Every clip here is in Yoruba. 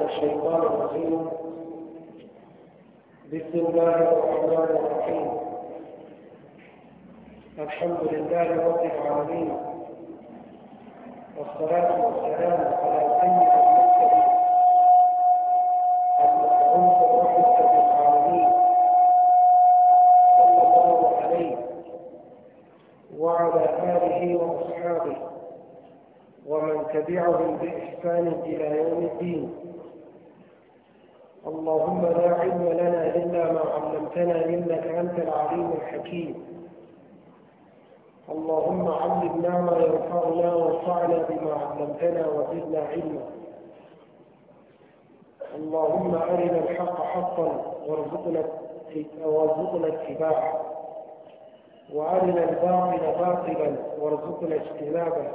الشيطان الرجيم بسم الله الرحمن الرحيم الحمد لله رب العالمين والصلاة والسلام على سيد المرسلين المبعوث رحمة للعالمين صلى الله عليه وعلى آله وأصحابه ومن تبعهم بإحسان إلى يوم الدين اللهم لا علم لنا إلا ما علمتنا إنك أنت العليم الحكيم اللهم علمنا ما ينفعنا وانفعنا بما علمتنا وزدنا علما اللهم أرنا الحق حقا وارزقنا اتباعه وأرنا الباطل باطلا وارزقنا اجتنابه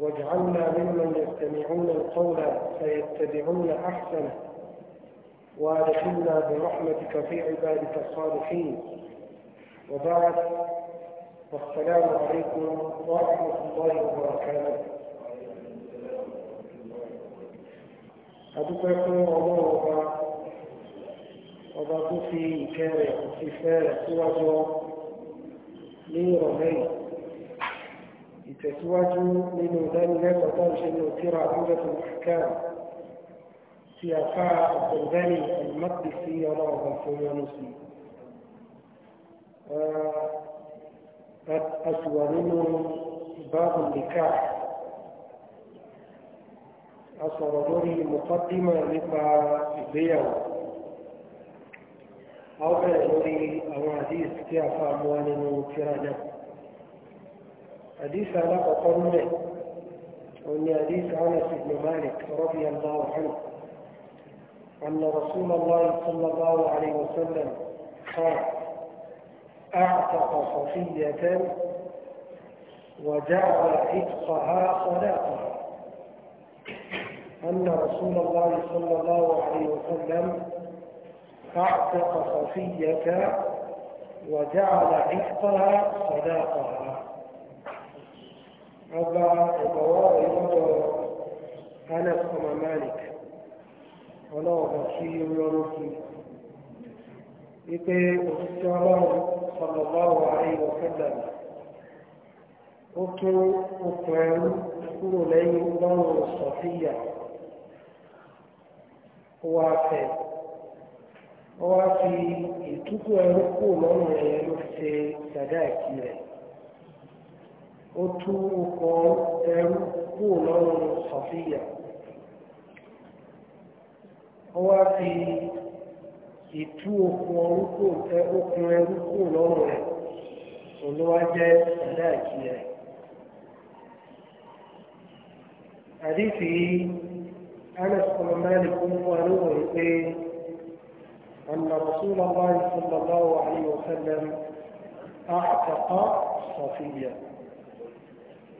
واجعلنا ممن يستمعون القول فيتبعون أحسنه وادخلنا برحمتك في عبادك الصالحين وبعد والسلام عليكم ورحمة الله وبركاته أدوك يكون الله وبا وبا كفي كاري وفي فارة سواجو ليرمي إتسواجو لنودان لك أن لنوتير عدودة الحكام سياقاء عبد الغني المقدسي ورغب الفوميانوسي أسوأ باب البكاء أصر دوري مقدمة لقاء بيو أو دوري أو عزيز كيف أموال كرادة حديث على قطرنا وأن حديث أنس بن مالك رضي الله عنه أن رسول الله صلى الله عليه وسلم قال أعتق صفية وجعل عتقها صداقها أن رسول الله صلى الله عليه وسلم أعتق صفية وجعل عتقها صداقها أبا أبواب أنس ومالك ọlọ́ọ̀bọ̀ tí ó yọrọ sí wípé òṣìṣẹ́ ọlọ́run sọlọ́bọ̀ àárín ọ̀sẹ̀dà ó tó okùn ẹrú kúrò lẹ́yìn lọ́rùn sọ̀fíyà ó wá fẹ́ ó wá fi ìtúkù ẹrú kúrò lọ́rùn ẹ̀yẹ ló ṣe dàdá ìkí rẹ̀ ó tú okùn ẹrú kúrò lọ́rùn sọ̀fíyà ọwọ́ fi ìtú okun orúkọ ẹ okun ẹrú kù lọ́rùn rẹ̀ olówó jẹ́ ẹ̀dá ìkí rẹ̀. àdìsí Anas bin Malik fún àlùwò yìí pé أن رسول الله صلى الله عليه وسلم أعتق صفية.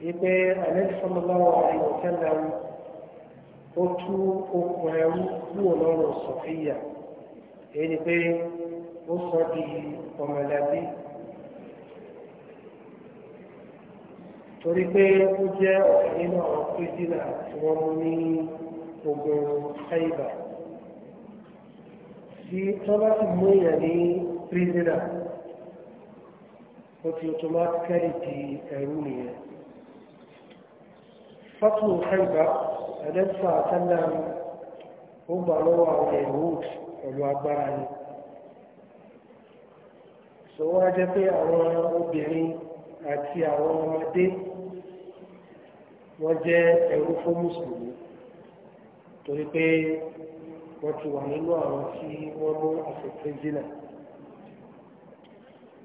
إيه النبي صلى الله عليه وسلم ó tú okùn ẹrú kúrò lọ́rùn sọ̀fíyà èyí ni pé ó sọ di ọmọlẹ́bí torí pé ó jẹ́ ọ̀kan nínú àwọn kírísítà tí wọ́n mú ní ogun ṣáìbà tí tọ́lá ti mú èèyàn ní kírísítà ó ti automatically di ẹrú nìyẹn fọ́tò ṣáìbà ẹlẹ́sà àtàlà ó gbà lọ́wọ́ àwọn ẹ̀hóòt pẹ̀lú agbára ni sọwọ́ á jẹ́ pé àwọn obìnrin àti àwọn ọmọdé wọ́n jẹ́ ẹrú fún mùsùlùmí torí pé wọ́n ti wà nínú àwọn tí wọ́n mú àfẹ́fẹ́ jìnnà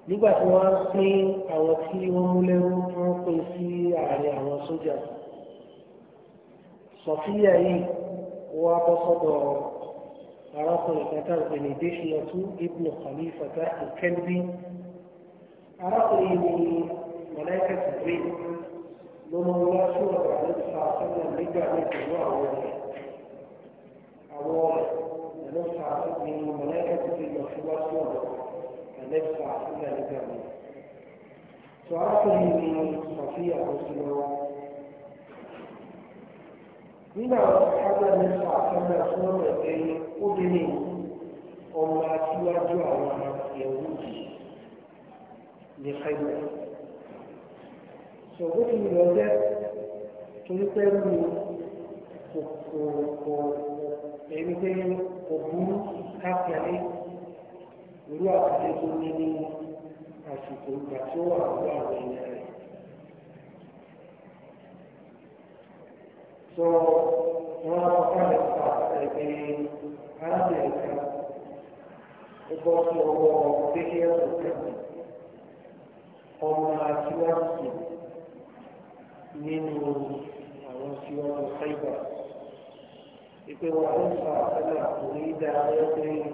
nígbà tí wọ́n pín àwọn tí wọ́n mú lẹ́rú wọ́n pín sí àárín àwọn sójà sọ̀fíà yìí wọ́n bọ́ sọ́dọ̀ arákùnrin kẹta ìpele dèṣìyàtú ibùn kàlífàtà ìkẹ́lbí arákùnrin ni mọ̀lẹ́kà tìbí ló mọ wá sí ọ̀dọ̀ àlẹ́sà sọ́nà nígbà mẹ́jọ àwọn ọ̀rẹ́ àwọn ọ̀rẹ́ àlẹ́sà ni mọ̀lẹ́kà tìbí lọ sí wá sí ọ̀dọ̀ àlẹ́sà sọ́nà nígbà mẹ́jọ. sọ arákùnrin ni sọ̀fíà lọ sí lọ́wọ́. nígbà ọ̀sán nípa àtọ́nà tí wọ́n mọ̀ pé ó lé ní ọmọ aṣíwájú àwọn ẹ̀wù ní ṣẹ́gbẹ̀. sọ̀rọ̀ tí mo lọ jẹ́ torí pé mi kò kò pé kò burú káfíńtì irú àkàtúntò ní ní àsìkò ìgbà tí ó wà lọ́wọ́ àwọn ènìyàn. so wọn á kọ́ ẹ̀ fà ẹ̀gbẹ́ arábìnrin kan ó bọ́ sí ọwọ́ kékeré ọ̀sẹ̀ ọmọ aṣíwájú nínú àwọn aṣíwájú ṣáìbà ìpè wọn ń fa àtàlà òní dá ẹgbẹ́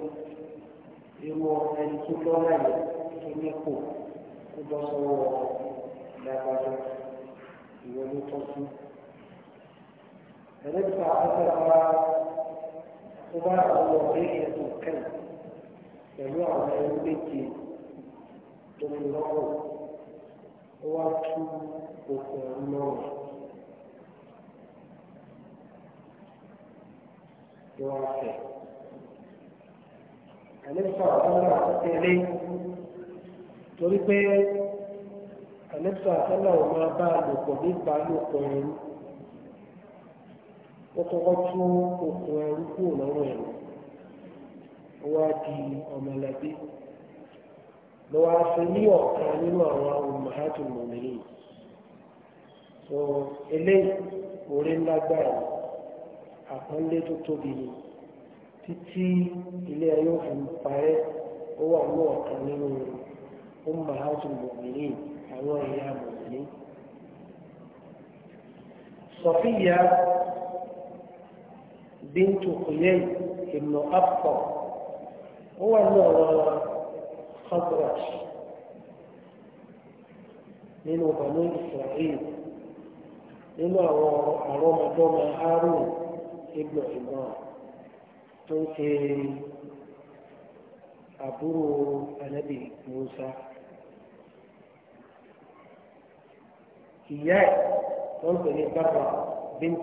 irú ẹni tó lọ́la yẹn tó nípò tó bọ́ sọ́wọ́ lágbájá ìwọlé tọ́jú. فنبقى أثرها تباع وضعية الكلب يجوع ما يملكي ثم يقول هو كي يقول يوافق àlẹ́sọ̀ àtọ́lá àtẹ́lé torí pé àlẹ́sọ̀ àtọ́lá ò máa bá àlòpọ̀ nípa àlòpọ̀ ẹ̀rú wọ́n kọ́kọ́ tún okùn ẹrú kúrò lọ́rùn ẹ̀rọ wọ́n á di ọmọlẹ́bí lọ́wọ́ aṣọ ní ọ̀kan nínú àwọn ọmọhàtò mọ̀mìnì so eléyìí orí ńlá gbára àpọ́nlé tó tóbi ni títí ilé ayé fi parẹ́ ó wà ní ọ̀kan nínú ọmọhàtò mọ̀mìnì àwọn ẹ̀yà mọ̀mìnì. Sọ̀fíyà بنت خيي بن أبطى هو أنه خضرش من بنو إسرائيل من أروم دوم هارون ابن عمران تنتهي أبو النبي موسى ìyá ẹ wọn pè ní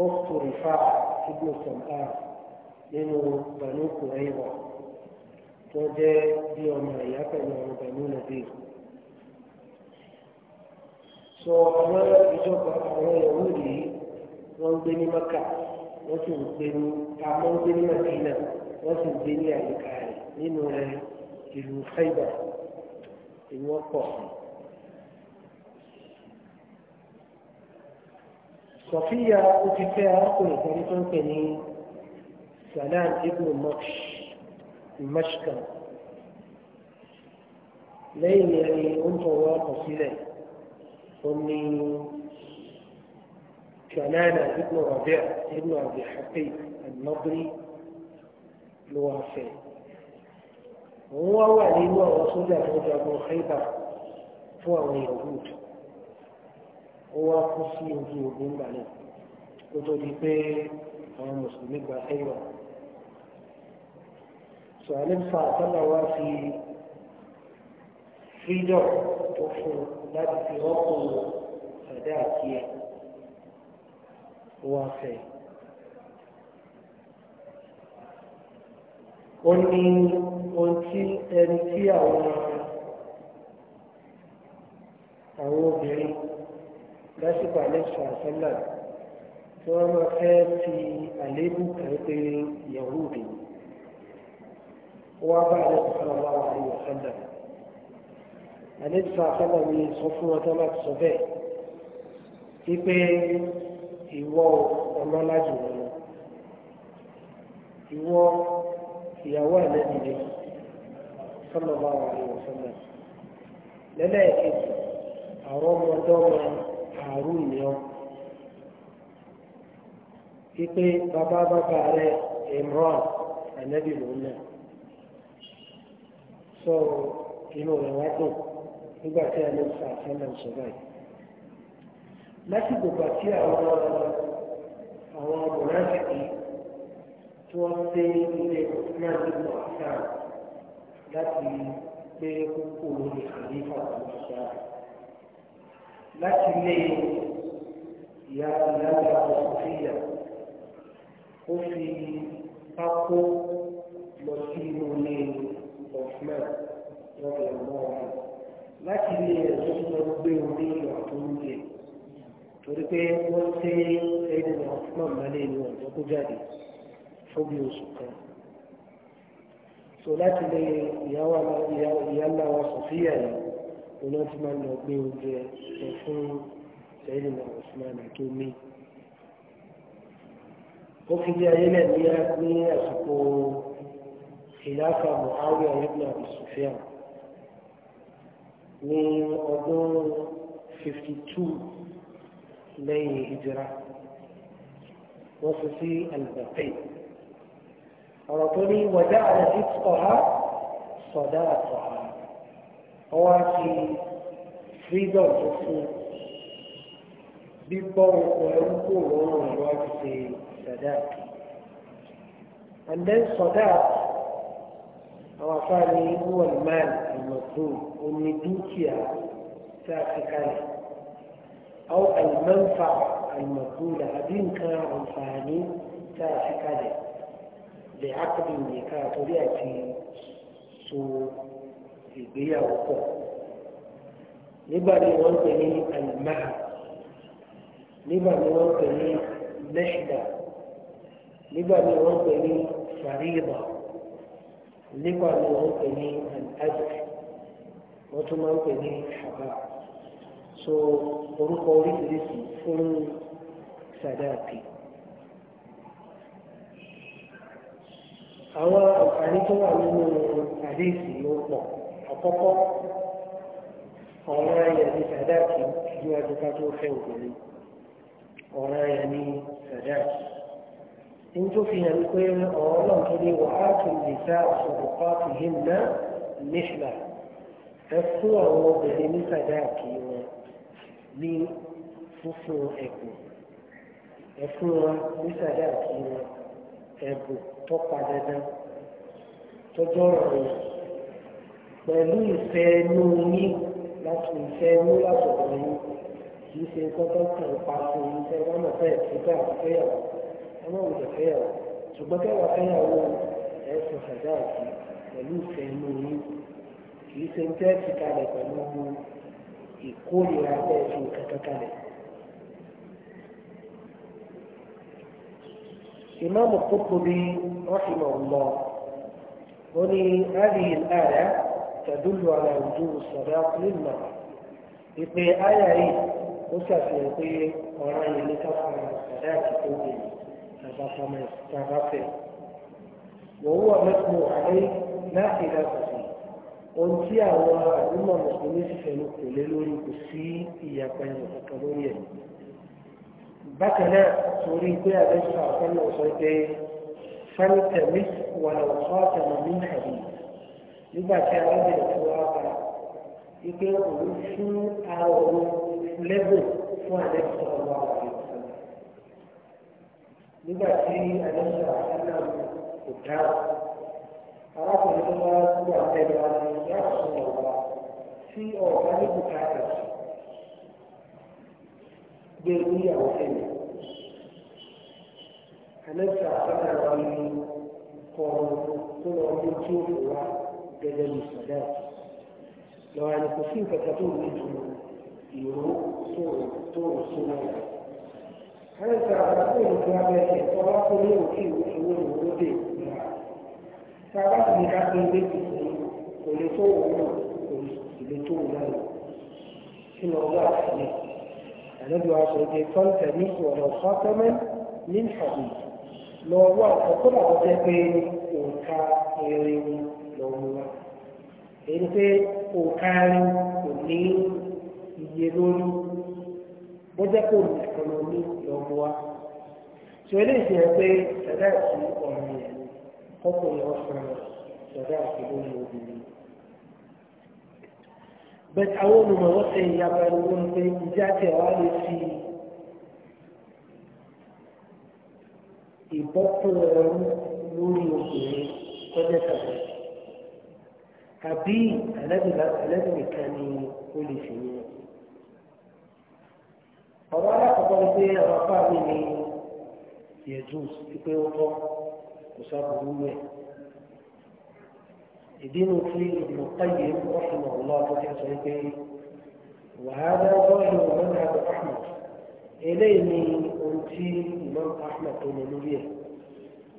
أخت رفاعة ابن سمعان nínú bànú kùrẹ́yìnwá tó jẹ́ bí ọmọ ìyá pẹ̀lú So, bànú nàbí. sọ àwọn ìjọba àwọn ìyàwó yìí wọ́n ń gbé ní maka wọ́n sì ń gbé ní àmọ́ ń gbé ní madina wọ́n sì ń gbé ní àyíká rẹ̀ nínú rẹ̀ ìlú faiba ìwọ́n pọ̀ sọfíà ó ti fẹ́ arákùnrin kan ní tó ń pè ní salam ibn maksh mashkan lẹ́yìn ẹni ó ń tọrọ ọkọ̀ sílẹ̀ ó ní كنانة ابن ربيع ابن أبي حقيق النضري لوافي هو ولي هو رسول الله خيبر هو اليهود ó wá kú sí ojú ogun ńgbà náà kó tó di pé àwọn mùsùlùmí gba ẹ̀rọ. sọ àlẹ́fà àtàlà wá fi fídọ̀ tó fún láti fi rọ́pò àdá àti ẹ̀ wá fẹ́. ó ní ohun tí ẹni tí àwọn àwọn obìnrin lásìkò àlẹ́sọ̀ àṣálà tí wọ́n máa fẹ́ fi àléébù kan pé Yahudi wọ́n bá àlẹ́sọ̀ sọ́nà wà wà ní àṣálà àlẹ́sọ̀ àṣálà ni sọ fún wọn tó láti sọ bẹ́ẹ̀ wípé ìwọ ọlọ́lájú wọn lọ ìwọ ìyàwó àlẹ́bí ni sọ́nà wà ní àṣálà lẹ́lẹ́ẹ̀kejì àwọn ọmọdé ọmọ àrùn ni ọ pípé bàbá bàbá rẹ imran ànábì lòun náà sọ inú rẹ wá dùn nígbà tí a lè fa àtẹnà ìṣọ̀rọ̀ yìí láti gbogbo àti àwọn àwọn mọ̀nàfìkì tí wọ́n dé ilé náà nínú àṣà láti gbé kókó lórí àlífà àti àṣà rẹ̀ láti lé ìyá ìyá ìyá òṣìṣẹ́ ó fi pákó lọ sí inú ilé ọ̀fman lọ́dọ̀ ọmọ ọ̀hún láti lé ẹ̀sọ́ tó lọ gbé orí ìwà tó ń jẹ torí pé wọ́n tẹ́ ẹni ọ̀fman mọ́lẹ̀ ní ọ̀dọ́ kó jáde fún oṣù kan so láti lé ìyá ńlá yìí. ونجمع الموضوع بحرور سيدنا عثمان حكيمي وفي جاهلة ليأتني أسكو خلافة معاوية ابن أبي سفيان من أبو 52 لي هجرة وصفي البقي أرطني وجعل فتقها صداقها ọwọ́ àti freedom tó fún bíbọ́ ọkọ̀ ẹrú kò lọ́rùn ẹ̀rọ àti ṣe sadak and then sadak àwọn afáàní wọ́n máa ìmọ̀tò omi dúkìá tá a fi kalẹ̀ àwọn àlùmọ́ǹfà àlùmọ̀tò làbí nǹkan àǹfààní tá a fi kalẹ̀ lè ákùnrin nìkan àtòrí àti sòwò ìgbéyàwó pọ̀ nígbà tí wọ́n pè ní alimaha nígbà tí wọ́n pè ní lẹ́ṣìdà nígbà tí wọ́n pè ní fàríyìbà nígbà tí wọ́n pè ní alájẹ wọ́n tún máa ń pè ní ṣàbá so orúkọ oríṣiríṣi fún sàdáàkì. àwọn àǹfààní tó wà nínú àdéhìsì ló pọ̀ àkọ́kọ́ ọ̀ràn ayẹ̀ ní sàdáàkì síwájú ká tó fẹ́ obìnrin ọ̀ràn ayẹ̀ ní sàdáàkì. ń tó fi hàn pé ọ̀rọ̀ náà tó ní wàhálà tó lè sá ọ̀sọ̀rọ̀ pàtó yìí ná nífìlà ẹ fún àwọn obìnrin ní sàdáàkì wọn ní fúnfún ẹ̀bùn ẹ fún wọn ní sàdáàkì wọn ẹ̀bùn tó padà dán tọjọ́ ọ̀rọ̀ yìí pẹ̀lú ìfẹ́ inú yín láti ìfẹ́ inú látọ̀dọ̀ yín kìí ṣe kọ́kọ́ kan pàṣẹ ìfẹ́ lọ́nà fẹ́ ìfẹ́ àfẹ́yàwó ọlọ́run lè fẹ́yàwó ṣùgbọ́n kẹwàá fẹ́yàwó ẹ̀sùn ṣàdá àti pẹ̀lú ìfẹ́ inú yín kìí ṣe ń tẹ́ ti kalẹ̀ pẹ̀lú ìkórìíra bẹ́ẹ̀ fi kankan kalẹ̀. إمام القرطبي رحمه الله ولهذه الآية tẹ̀dúlù ara ìjú sọ̀dá nílò ìpè àyà yìí ó ṣàfihàn pé ọ̀ràn yìí ní káfíńà sọ̀dá àti tó bè tàbáfẹ́. wọ́n wà mẹ́kùn àárẹ̀ láti ìdàgbàsí ohun tí àwọn àdúmọ̀ mùsùlùmí sì fẹ́ kò lé lórí kò sí ìyapa ẹ̀yìn lórí ẹ̀. bákan náà torí pé àdéhùn àfẹ́lẹ́ ọ̀sán pé fẹ́ntẹ̀mí wà lọ́wọ́ fọ́ọ̀tẹ̀mọ̀ ní àdìyí nígbà tí arábìnrin tó wá bá wípé òun fún àwọn lẹ́bùn fún àlẹ́sọ̀ ọ̀wá rẹ̀ nígbà tí àlẹ́sọ̀ àṣálà kò dára arákùnrin tó wá gbọ́ àtẹ̀lé wa ni yàrá sọ ọ̀wá tí ọ̀gá ní bùkátà gbé níyàwó ẹ̀yìn àlẹ́sọ̀ àṣálà wa ni. بدل الثبات لو أن تسيك تقول منهم يروق سوء سوء سوء هل تعرفون كابتن طلاق لي وكي وحول ورودي تعرفني كابتن بيتي ولسوء ولسوء لا إن الله حديث النبي عشان يكون تاريخ ولو خاتما من حديث لو هو فكل عبد يكون òǹkà irin lọ́wọ́ èyí pé kò kárí kò ní iye lórí bó jẹ́ kó nìkan ló ní lọ́mọ wa tí o lè fi hàn pé sọ̀dá àti ọ̀rọ̀ yẹn kọ́kọ́ yẹn wọ́n fún ọ sọ̀dá àti lórí obìnrin. bẹ́ẹ̀ àwọn olùmọ̀ ṣe ìyàbá ẹni wọ́n pé ìjà tẹ̀ wá lè fi ìbọ́kùn ẹ̀rọ lórí obìnrin tọ́jú ẹ̀ka bẹ̀rẹ̀ àbí ẹlẹ́dùn nìkan ni ó lè ṣe yẹn. ọ̀rọ̀ alákọ̀ọ́kọ́ ni pé àwọn afá mi ni jesus pípé ó tọ́ kò sábòrú rẹ̀. ìdí nu tí ìdìbò táyé wọ́n fi mọ̀ lọ́wọ́ tó ti sọ pé wàhálà bọ́ọ̀lù ọ̀gbọ́n náà lọ ahmed eléyìí ni ohun tí imam ahmed tó lọ lórí ẹ̀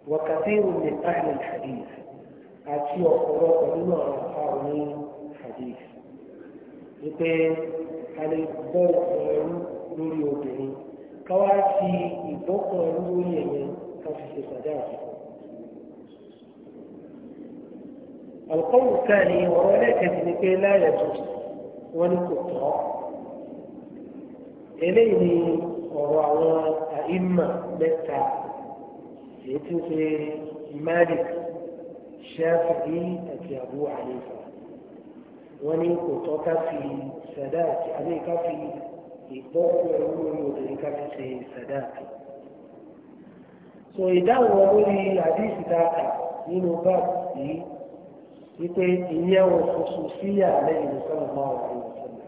wọ́n kàtí ìròyìn ahmed hadith àti ọ̀pọ̀lọpọ̀ nínú àwọn afa ní hadith wípé a lè bọ́ ọ̀rọ̀ lórí obìnrin káwá fi ìbọ́kàn lórí ẹ̀yẹ ká fi ṣe sàdá àsìkò. القول الثاني وهو لا كذلك لا يجوز ولكفر eléyìí ni ọ̀rọ̀ àwọn àìmà mẹ́ta èyí tí ṣe Malik Shafi'i àti Abu Hanifa wọ́n ní kò tọ́ ká fi sàdáàtì àbí ká fi ìgbọ́kú ẹ̀rú lórí obìnrin ká fi ṣe sàdáàtì. so ìdáhùn lórí àdísì dáàtà nínú báàbù yìí wípé ìyẹn ò fòṣù síyà lẹ́yìn ìsọ̀rọ̀ máa wà ní ìsọ̀rọ̀.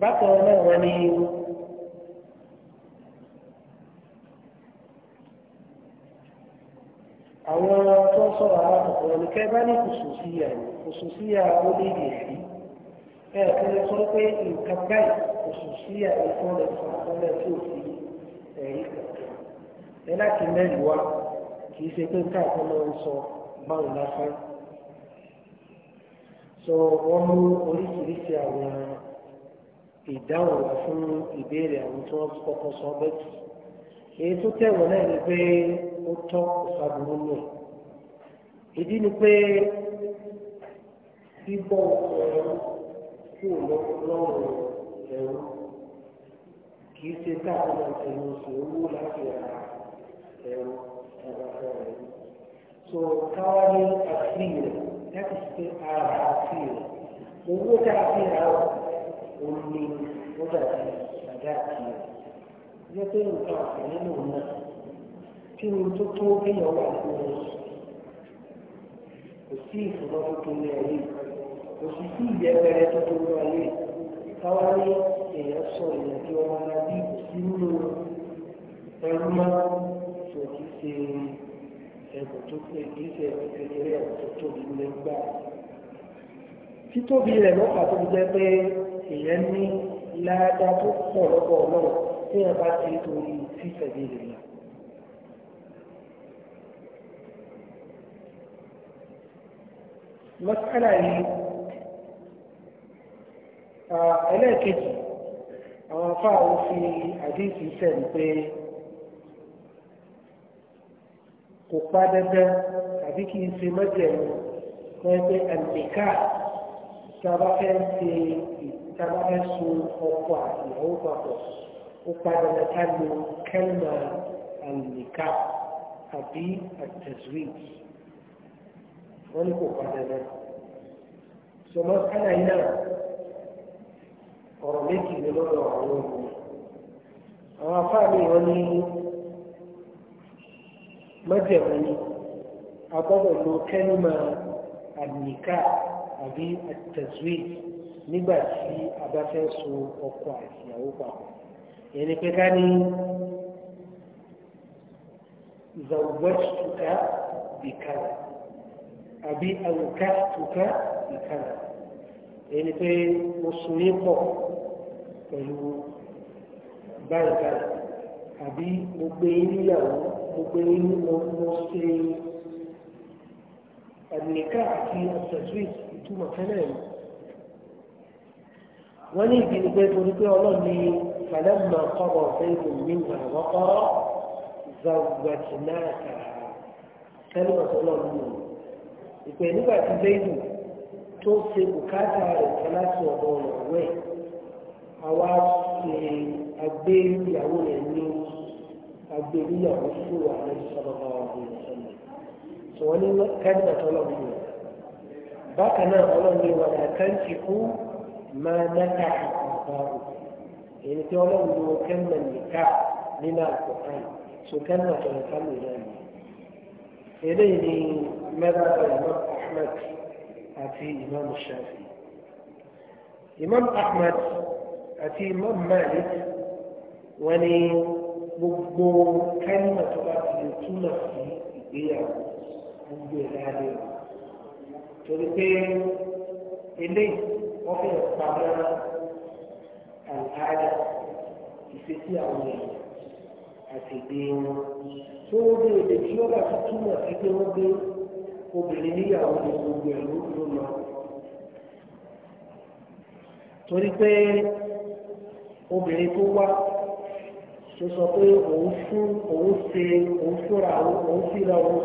bákan náà wọ́n ní àwọn tó ń sọ̀rọ̀ alákọ̀ọ́kọ́ wọn ni kẹ́ bá ní kùsùsíyà ni kùsùsíyà ó lè lè rí ẹ̀ kí lè sọ pé nǹkan báyìí kùsùsíyà ni kọ́ lè sọ àkọọ́lẹ̀ tí ò fi ẹ̀rí kankan ẹ láti mẹ́rin wá kì í ṣe pé nǹkan kan máa ń sọ báwọn lásán so wọ́n mú oríṣiríṣi àwọn ìdáhùn wá fún ìbéèrè àwọn tí wọ́n kọ́kọ́ sọ bẹ́ẹ̀ èyí tó tẹ̀wọ̀n náà ni pé. ó tọ́ ìsàbùrù nù. ìdí ni pé bíbọ̀ ẹ̀rọ kú lọ́rùn ẹ̀rọ kì í ṣe káàkiri ẹ̀rọ sí owó láti ẹ̀rọ ẹ̀rọ ẹ̀rọ. so káwá kí ni tó tó kéèyàn wà fún un kò sí ìfúnná tó tó ní ayé kò sì sí ìyẹ́pẹ̀rẹ́ tó tó ní ayé káwá ní èèyàn sọ ìyẹn tí wọ́n máa bí kò sí nínú ẹrú máa tó kì í ṣe ẹ̀bùn tó pé kì í ṣe ẹ̀bùn kékeré ẹ̀bùn tó tóbi ní gbà. títóbi rẹ̀ lọ́pàá tó jẹ́ pé èèyàn ní ládàá tó pọ̀ lọ́pọ̀ náà tí wọ́n bá ti torí fífẹ̀dé rẹ̀ náà. mọ́sálà yìí ẹlẹ́ẹ̀kejì àwọn afáàwọ̀ fi àdéhùn sẹ́ni pé kò pa dandan tàbí kì í ṣe mọ́jẹ̀mú wọ́n pé àǹtíkà tábà fẹ́ ṣe tábà fẹ́ sun ọkọ̀ àti papọ̀ ó pa dandan ká lo kẹ́lìmà àǹtíkà àbí àtẹ̀síwìtì wọ́n ní kò pa dandan sọmọ kánà yìí náà ọ̀rọ̀ méjì ni lọ́dọ̀ àwọn òògùn àwọn afáàmì wọn ní mọ́jẹ̀wọ́n ni a gbọ́dọ̀ lo kẹ́límà àníkà àbí àtẹ̀síwì nígbà tí a bá fẹ́ so ọkọ àti ìyàwó papọ̀ ẹni pé ká ní zawwajtuka bìkàlà àbí àwòká tùká ìkànnà èyí pé mo sùn yín pọ̀ pẹ̀lú báyìí báyìí àbí mo gbé yín níyàwó mo gbé yín ní mo mo ṣe àdìníkà àti ọ̀sẹ̀túwìt ìtumọ̀ tẹ́lẹ̀ mi. wọ́n ní ìdí ni pé torí pé ọlọ́run ní فلما قضى زيد منها وطرا زوجناكها كلمة الله ìpè nígbà tí lẹ́yìn tó ṣe bùkátà rẹ̀ kan láti ọ̀dọ̀ ìyàwó àwa ṣe agbé ìyàwó rẹ̀ ní agbé níyàwó fún wa lẹ́yìn sọ́dọ̀ bá ìṣẹ̀lẹ̀ tí wọ́n ní kẹ́ńtà tọ́lọ́mù rẹ̀ bákan náà ọlọ́run ní wàdà kẹ́ńtì kú máa náta àbá òkú èyí tí ọlọ́run kẹ́ńtà nìka nínú kẹ́ńtà ماذا قال الإمام أحمد في إمام الشافعي إمام أحمد في إمام مالك وني مبو كلمة تقاتل تنفي هي عند الآلهة تلقين إلي وفي الصلاة الآلة في سيئة أتي بين سوري لكيوغا تتوما في دي obìnrin níyàwó ní gbogbo ẹ̀rọ ló lọ. torí pé obìnrin tó wá tó sọ pé òun fún òun ṣe òun fúnra òun fúnra òun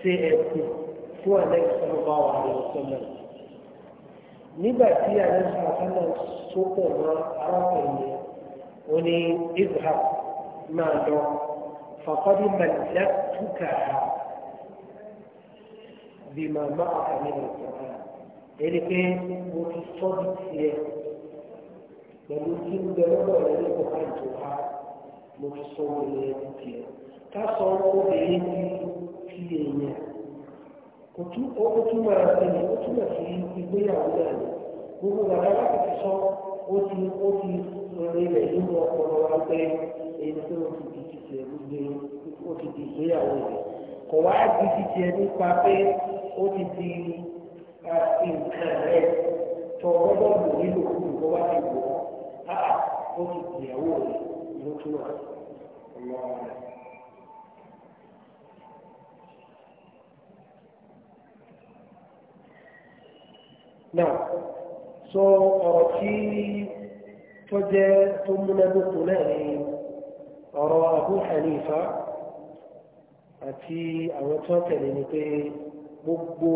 ṣe ẹ̀kùn fún àlẹ́kùn ọba wà ní nígbà tí àlẹ́kùn ọ̀sọ́lẹ̀ sọ́pọ̀ mọ́ arákùnrin ó ní ibrahim máa lọ fàkọ́dí màlìlá túkàá. بما máa kàmí ìjọba èyí pé mo ti sọ ní tiẹ̀ pẹ̀lú tí ń bẹ lọ́dọ̀ rẹ ní kọ̀ọ̀kan ìjọba mo ti sọ wọlé ní tiẹ̀ ká sọ obìnrin ti ti èèyàn kò tún ó tún máa ṣe ní ó túmọ̀ sí ìgbéyàwó náà ní gbogbo bàbá láti fi sọ ó ti ó ti rẹlẹ̀ nínú ọpọlọ wa pé èyí tó o ti di títí ẹ gbogbo ó ti di ìgbéyàwó rẹ kò wá di títí ẹ nípa pé ó ti di nǹkan rẹ̀ tó gbọ́dọ̀ lò nílò fún ìwọ wá ti wọ̀ áà ó ti dìyàwó rẹ̀ ló túmọ̀ ọlọ́run rẹ̀. náà sọ ọ̀rọ̀ tí tó jẹ́ tó múnádókò náà ni ọ̀rọ̀ Abu Hanifa àti àwọn tó tẹ̀lé ni pé gbogbo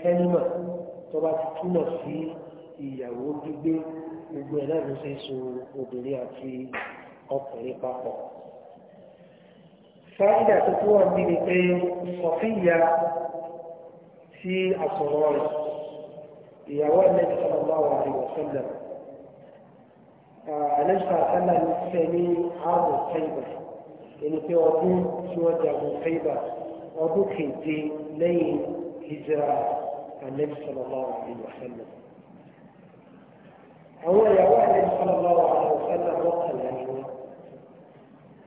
kẹ́nìmọ̀ tó bá ti túmọ̀ sí ìyàwó gbígbé gbogbo ẹ̀ náà ló ṣe so obìnrin àti ọkùnrin papọ̀. fáìdà tó tó wà níbi pé sọfíìyà tí a sọ̀rọ̀ rẹ̀ ìyàwó ẹ̀lẹ́dì sọ̀rọ̀ bá wà ní wọ̀sẹ̀lẹ̀. ẹ̀lẹ́sà sẹ́lẹ̀ ń fẹ́ ní ààbò ẹni pé ọdún tí wọ́n jagun fẹ́ìbà ọdún keje lẹ́yìn hijira anabi sallallahu alayhi wa sallam. àwọn ìyàwó anabi sallallahu alayhi wa sallam mọ́kànlá ni wọ́n.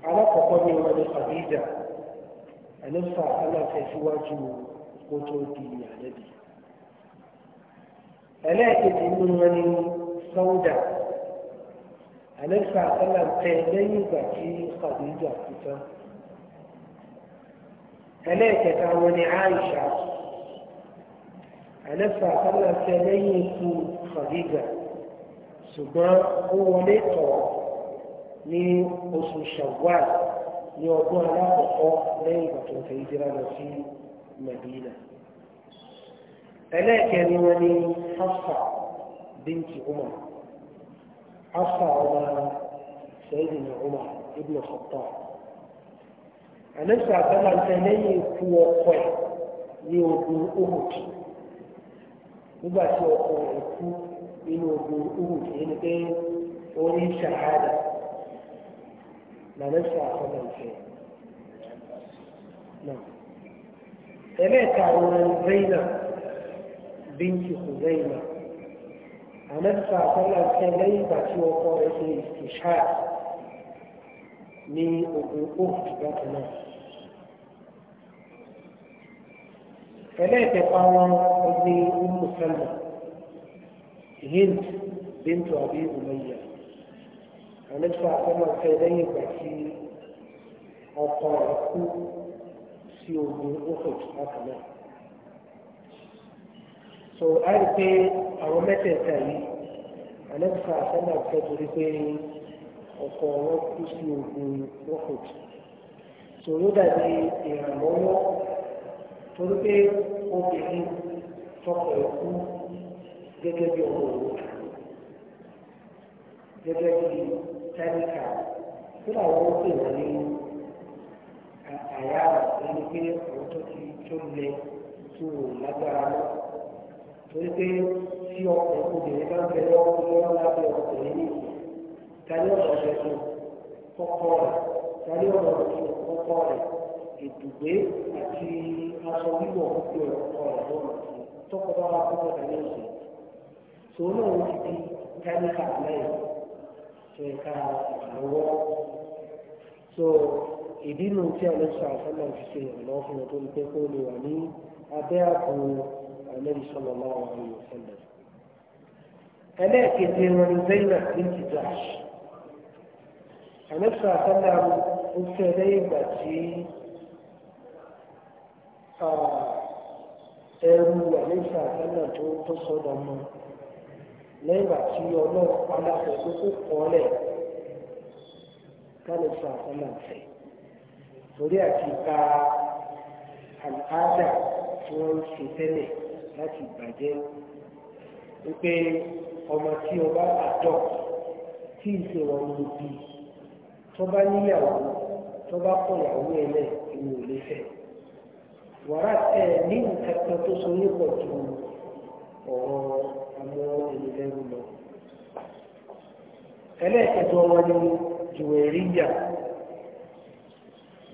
alákọ̀ọ́kọ́ ni wọ́n ní Khadija anabi sallallahu alayhi wa sallam síwájú kó tó di anabi. ẹlẹ́ẹ̀kejì nínú wọn ni Sauda anabi sallallahu alayhi wa sallam tẹ lẹ́yìn ìgbà tí Khadija ti tán. ẹlẹ́ẹ̀kẹta wọn ni Aisha àlẹ́fà kọ́lá ti ẹlẹ́yìn ikú Khadija ṣùgbọ́n ó wọlé tọ̀ ní oṣù Shawwal ní ọdún alákọ̀ọ́kọ́ lẹ́yìn ìgbà tó ń fẹ́ ìdíra lọ sí Madina ẹlẹ́ẹ̀kẹrin wọn ni Hafsa binti Umar Hafsa ọmọ Sayyidina Umar ibn Khattab àlẹ́sọ àtọ́lá ń tẹ lẹ́yìn ikú ọkọ ẹ̀ ní ogun uhud nígbà tí ọkọ ẹ̀ kú nínú ogun uhud yìí ni pé orí ṣàhádà làlẹ́sọ àtọ́lá ń tẹ. ẹlẹ́ẹ̀ka àwọn zaina bíntì kù zaina àlẹ́sọ àtọ́lá ń ìgbà tí ọkọ rẹ̀ ṣe ìṣáà ní ogun òkú bákan náà. ẹlẹ́ẹ̀kẹfà wọn ní umu salma hind bintu abi umayya àlẹ́fà ọmọ ìfẹ́ lẹ́yìn ìgbà tí ọkọ rẹ̀ kú sí ogun òkú bákan náà. so a rí pé àwọn mẹ́tẹ̀ẹ̀ta yìí àlẹ́fà ọmọ ìfẹ́ torí pé ọkọ̀ wọn kú sí ogun rocket sòrò dàbí ìrànlọ́wọ́ torí pé obìnrin tọkọ ẹ̀ kú gẹ́gẹ́ bí ọkọ̀ òwò gẹ́gẹ́ bí tẹ́lifà tí àwọn ó pè wọ́n ní àyà ẹni pé àwọn tó ti tó lẹ tó lágbára lọ torí pé tí ọkọ̀ obìnrin bá ń bẹ lọ́wọ́ lọ́wọ́ lábẹ́ ọkọ̀ yìí nìyí tani ọ̀rọ̀ rẹ̀ fún kọ́kọ́ rẹ̀ tani ọ̀rọ̀ rẹ̀ fún kọ́kọ́ rẹ̀ ìdùgbé àti aṣọ wíwọ̀ kókó rẹ̀ kọ́kọ́ rẹ̀ lọ́nà sí tọ́kọ bá wà kọ́kọ́ tani ọ̀sẹ̀ tòun náà wọ́n ti di tani kàlẹ́yìn tó ẹ̀ka ìrànlọ́wọ́ so ìdí nu tí alẹ́sà àfẹ́lẹ́ fi ṣe ìrànlọ́wọ́ fún wọn tó ń pẹ́ kó lè wà ní abẹ́ àpò alẹ́bí sọ̀rọ̀ láwọn ọ̀rọ̀ àlẹ́sà sọ́dà ó fẹ́ lẹ́yìn ìgbà tí ẹrú àlẹ́sà sọ́dà tó sọ́dọ̀ mọ́ lẹ́yìn ìgbà tí ọlọ́run padà fẹ́ pé kó kọ́ lẹ̀ kálífà sọ́dà fẹ́ torí àti ka àlùkádà tí wọ́n ń ṣe tẹ́lẹ̀ láti bàjẹ́ wípé ọmọ tí ọba àdọ̀ tí ìṣèwọ̀n ló bíi tó bá níyàwó tó bá kọ ìyàwó ẹ lẹ ìwò lè fẹ́ wàrà ẹ ní nǹkan kan tó so nípò ju ọ̀rọ̀ àwọn ènìyàn lọ ẹlẹ́ẹ̀kẹjọ wọn ni jùwẹ̀ríyà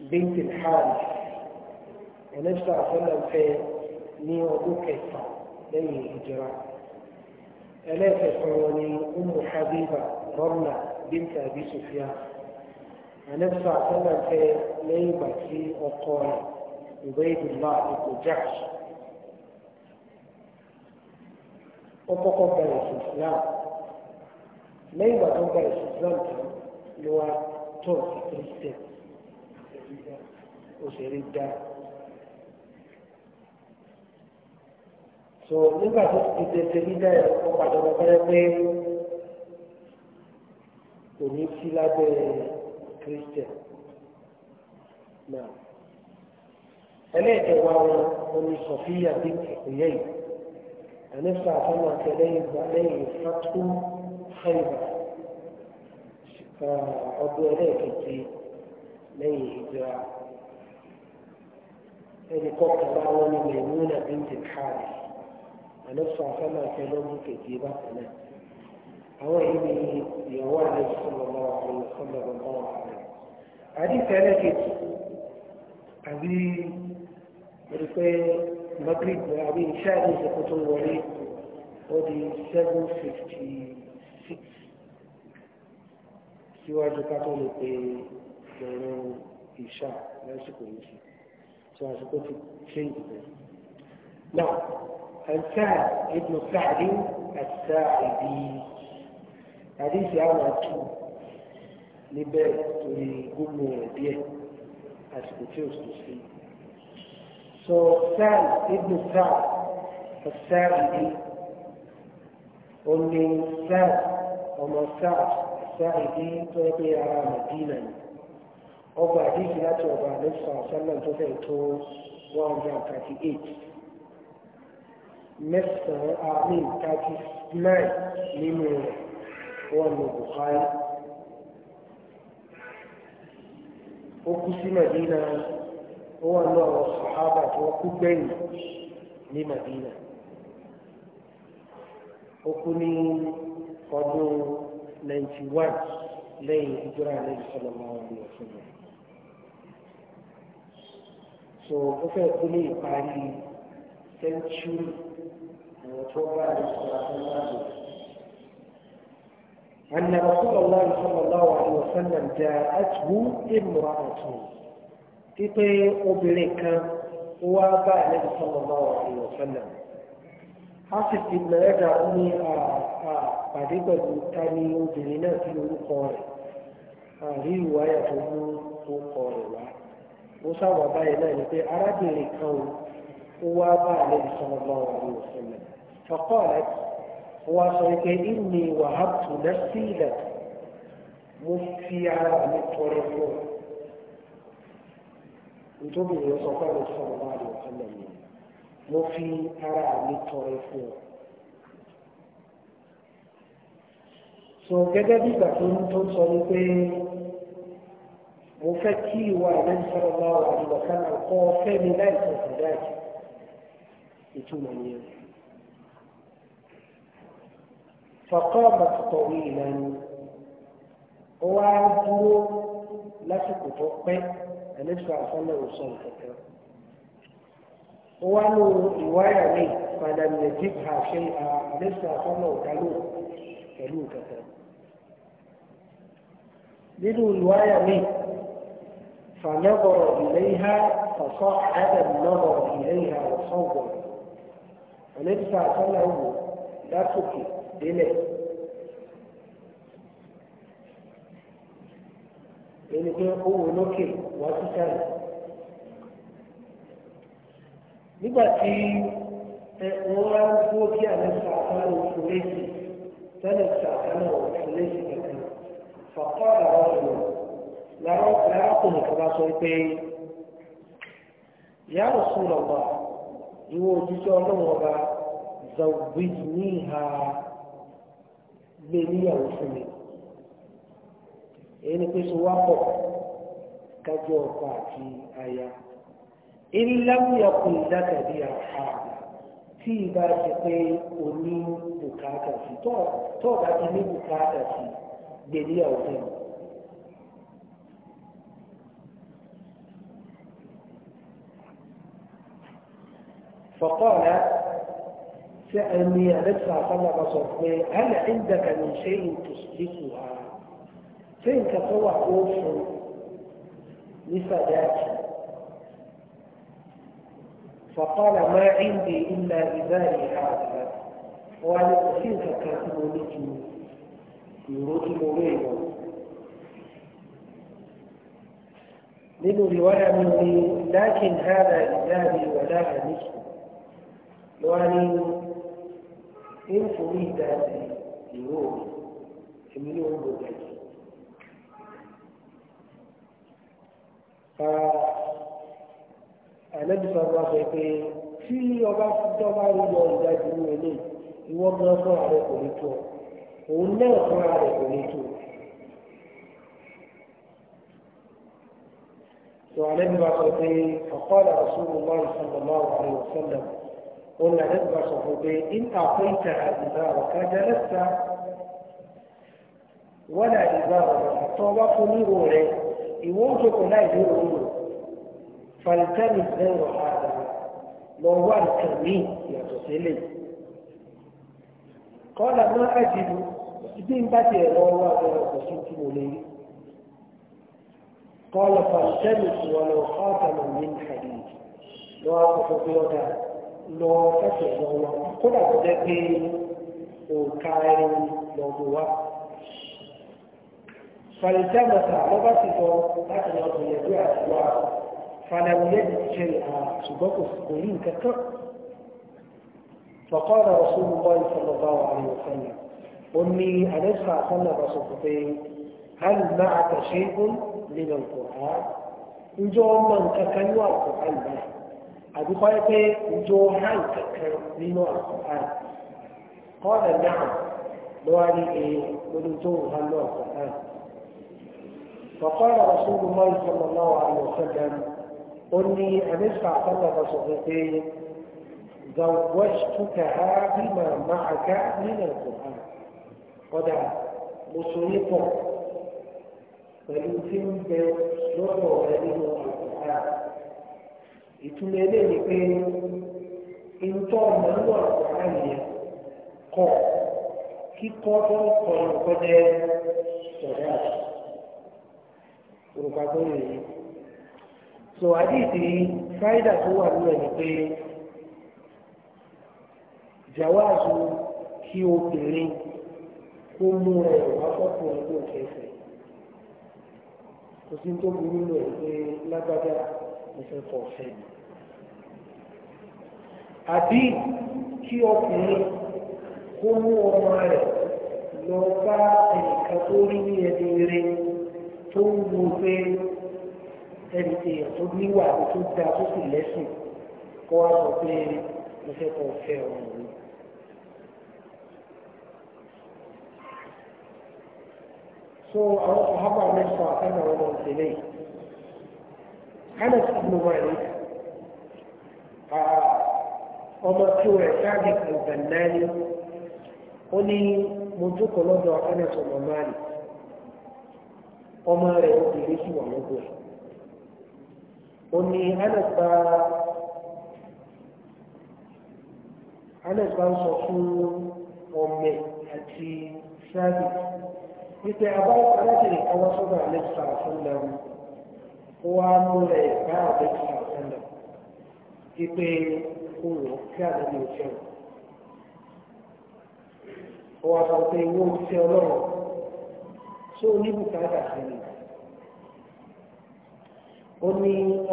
bíntì hàlì ẹlẹ́sà àfẹ́lẹ́fẹ́ ní ọdún kẹfà lẹ́yìn ìjọra ẹlẹ́ẹ̀kẹfà wọn ni umu habiba rọ́nà bíntì àbí sofia ànẹ́sọ̀ àtọ́lá fẹ́ lẹ́yìn ìgbà tí ọkọ rẹ̀ ìwé ìdùnnú àdìpọ̀ jáàsì. ó kọ́kọ́ gba ẹ̀sìn Islam lẹ́yìn ìgbà tó gba ẹ̀sìn Islam tán ló wá tó kírísítẹ̀ òṣèré dá. so nígbà tó ti tẹ̀sẹ̀ nígbà yẹn ó padà lọ fẹ́ pé kò ní sí lábẹ́ kristian. christian náà ẹlẹ́ẹ̀kẹwàá wọn oní sọfíà bí ìpìlẹ̀ yìí ànífà àtàwọn akẹlẹ́yìn gba lẹ́yìn fatu fẹ́yìnbà uh, ọdún ẹlẹ́ẹ̀kẹjì lẹ́yìn ìjọra ẹni kọkànlá wọn ni mẹ̀múnà bí ìpìlẹ̀ ànífà àtàwọn akẹlẹ́yìn kejì bákan náà. هو إني يهوى صلى الله عليه وسلم الله عليه هذه ثلاثة هذه رفاية مغرب هذه شهر زكوة الوليد ودي 756 síwájú ká tó lè pe ẹ̀rùn ìṣà lásìkò yìí sí tí àsìkò ti ṣe ìgbẹ́. àdéhìí àwọn àtú níbẹ̀ torí gómìnà rẹ̀ díẹ̀ àsìkò tí ó sì sí. sọ sáà ibùdó sáà sáà ìdí ó ní sáà ọmọ sáà sáà ìdí tó ń pè ara màdínà ni ọgbà àdéhìí láti ọba àlẹ́fà sálà tó fẹ́ tó one hundred and thirty eight mẹ́sàn-án àmì thirty nine nínú rẹ̀ wọ́n ní Bukhari ó kú sí Madina ó wà ní àwọn sàhábà tí wọ́n kú gbẹ̀yìn ní Madina ó kú ní ọdún ninety one lẹ́yìn ìjọra lẹ́yìn sọlọ́mọ àwọn ọ̀sán so ó fẹ́ kú ní ìparí century àwọn tó bá àdìsọ́ àti láàbò. أن رسول الله صلى الله عليه وسلم جاءته امرأته تطيع أبريك وابا النبي صلى الله عليه وسلم حسب إن يدع أمي قريبا تاني أبرينا في القارئ àrí ìwáyà tó mú tó kọ rẹ̀ wá ó sábà báyìí عليه ni pé arábìnrin kan ó wọ́n sọ pé inni wàhálà nafsi lak mo fi ara mi tọrẹ fún ọ nítorí ìyẹn sọ pé àwọn sọ̀rọ̀ bá lè ọ̀kan lẹ̀ mí mo fi ara mi tọrẹ fún ọ. so gẹ́gẹ́ bí ìgbà tó ń tó sọ ni pé mo fẹ́ kí ìwà ìlẹ́yìn sọ̀rọ̀ bá wà nígbà kan kọ́ fẹ́ mi láì sọ̀tàn dáàkì ìtumọ̀ nìyẹn. فقامت طويلا وعدوا لسكوا فوقه النبي صلى الله عليه وسلم وصل وانو رواية لي فلم يجبها شيئا النبي صلى الله عليه وسلم وكالوه كالوه كثيرا رواية لي فنظر إليها فصعد النظر إليها وصور النبي صلى الله عليه وسلم لا تكي délẹ̀. ẹni pé ó wò lókè wá sísàlẹ̀. nígbà tí wọ́n wá ń dúró kí àwọn sàkánù fúlẹ́sì tẹ́lẹ̀ sàkánù fúlẹ́sì kankan fàkọ́ àwọn ọ̀rọ̀ lárákùnrin kan bá sọ pé ya ìwọ ọba gbé níyàwó fún mi èyí ni pé so wá pọ̀ kájọ ọkọ àti aya ìlàmúyàkùn ìdákàdí àhàbà tí ìbá ṣe pé o ní bùkátà sí tọ́ọ̀bá ti ní bùkátà sí gbé níyàwó fún mi. فقال سألني أنسى صلى بصر هل عندك من شيء تسلكها فين تطوع قوس لفداك فقال ما عندي إلا إزاري هذا وأنا أسين كاتب نجم يرجم بينه من رواية مني لكن هذا إزاري ولا نجم يعني ń forí ìdá sí ìró èmi ló ń lò bẹ́ẹ̀. àlẹ́bùsọ̀ bá sọ pé tí ọba tó bá ń yọ ìdájú ní ilé ìwọ gan fún ààrẹ kò ní tó òun náà fún ààrẹ kò ní tó. وعن ابن عباس قال رسول الله صلى الله عليه وسلم قلنا نتبع صحبه إن أعطيتها إزارك جلست ولا إزارك طوافني روعي يوجد لا يروي فالتمس غير هذا لو هو يا يتصلي قال ما أجد بين باتي لو هو مولي قال فالتمس ولو خاتم من حديد لو أقف lọ fẹsẹ̀ lọ wa kódà tó jẹ́ pé òǹkà ẹni lọ́dún wa. Fàlìjá mọ̀tà lọ́bá ti lọ láti lọ gbìyànjú àti wá. Fàlàwìyẹ́ ti ṣe ìhà ṣùgbọ́n kò rí nǹkan kan. فقال رسول الله صلى الله عليه وسلم أمي أن أسمع سنة بصفتين هل معك شيء من القرآن؟ إن جو من ككنوى القرآن بس àdúgbò yẹ pé ìjọ من kankan nínú àkùnrin kọ́ọ̀dà náà ló wá فقال رسول الله صلى الله عليه وسلم أني أن اسمع صلى الله زوجتك زوجتكها بما معك من القرآن قد مصيبة فلن بسرعه نور القرآن ìtumọ̀ eléyìí ni pé ìtọ́ ọmọ nígbà ọ̀pọ̀ yẹn kọ kíkọ́ tó ń kọ ọ̀pọ̀ jẹ́ sọ̀rọ̀ àti òrùka tó lè yí. sọ àdìsí fáìdà tó wà nínú ẹ̀ ni pé jàwáàzù kí obìnrin kó mú ẹ̀ wá fọ́pọ̀ ẹgbẹ́ òfẹ́fẹ́ kò sí tó burú lọ pé lágbájá mo fẹ́ kọ́ ọ̀fẹ́ mi. àbí kí ọkùnrin kó mú ọmọ rẹ̀ lọ bá ẹnìkan tó rí ní ẹni rẹ tó ń wo pé ẹni èèyàn tó níwà tó da tó sì lẹ́sìn kó wá sọ pé mo fẹ́ kọ́ ọ̀fẹ́ ọmọ mi. so àwọn sàhábà mẹ́fà sẹ́nà ọmọ ìṣẹ̀lẹ̀ yìí. Anas ibn Malik ọmọ tí ó rẹ̀ sáàbì ìgbàlẹ́ ó ní mo jókòó lọ́dọ̀ Anas ibn Malik ọmọ rẹ̀ obìnrin sì wà lọ́dọ̀ ẹ̀. ó ní Anas bá Anas bá ń sọ fún ọmọ àti sáàbì wípé abáyọ̀ aláṣẹ ìkáwá sọ́dọ̀ Anas sàrà fún lẹ́wọ̀n. wa wá múra ẹ̀ka àbẹ́tì àtẹ́lẹ̀ wípé ó wọ̀ kí àdébí òṣè rẹ̀. ó wá sọ pé owó ọlọ́run ó ní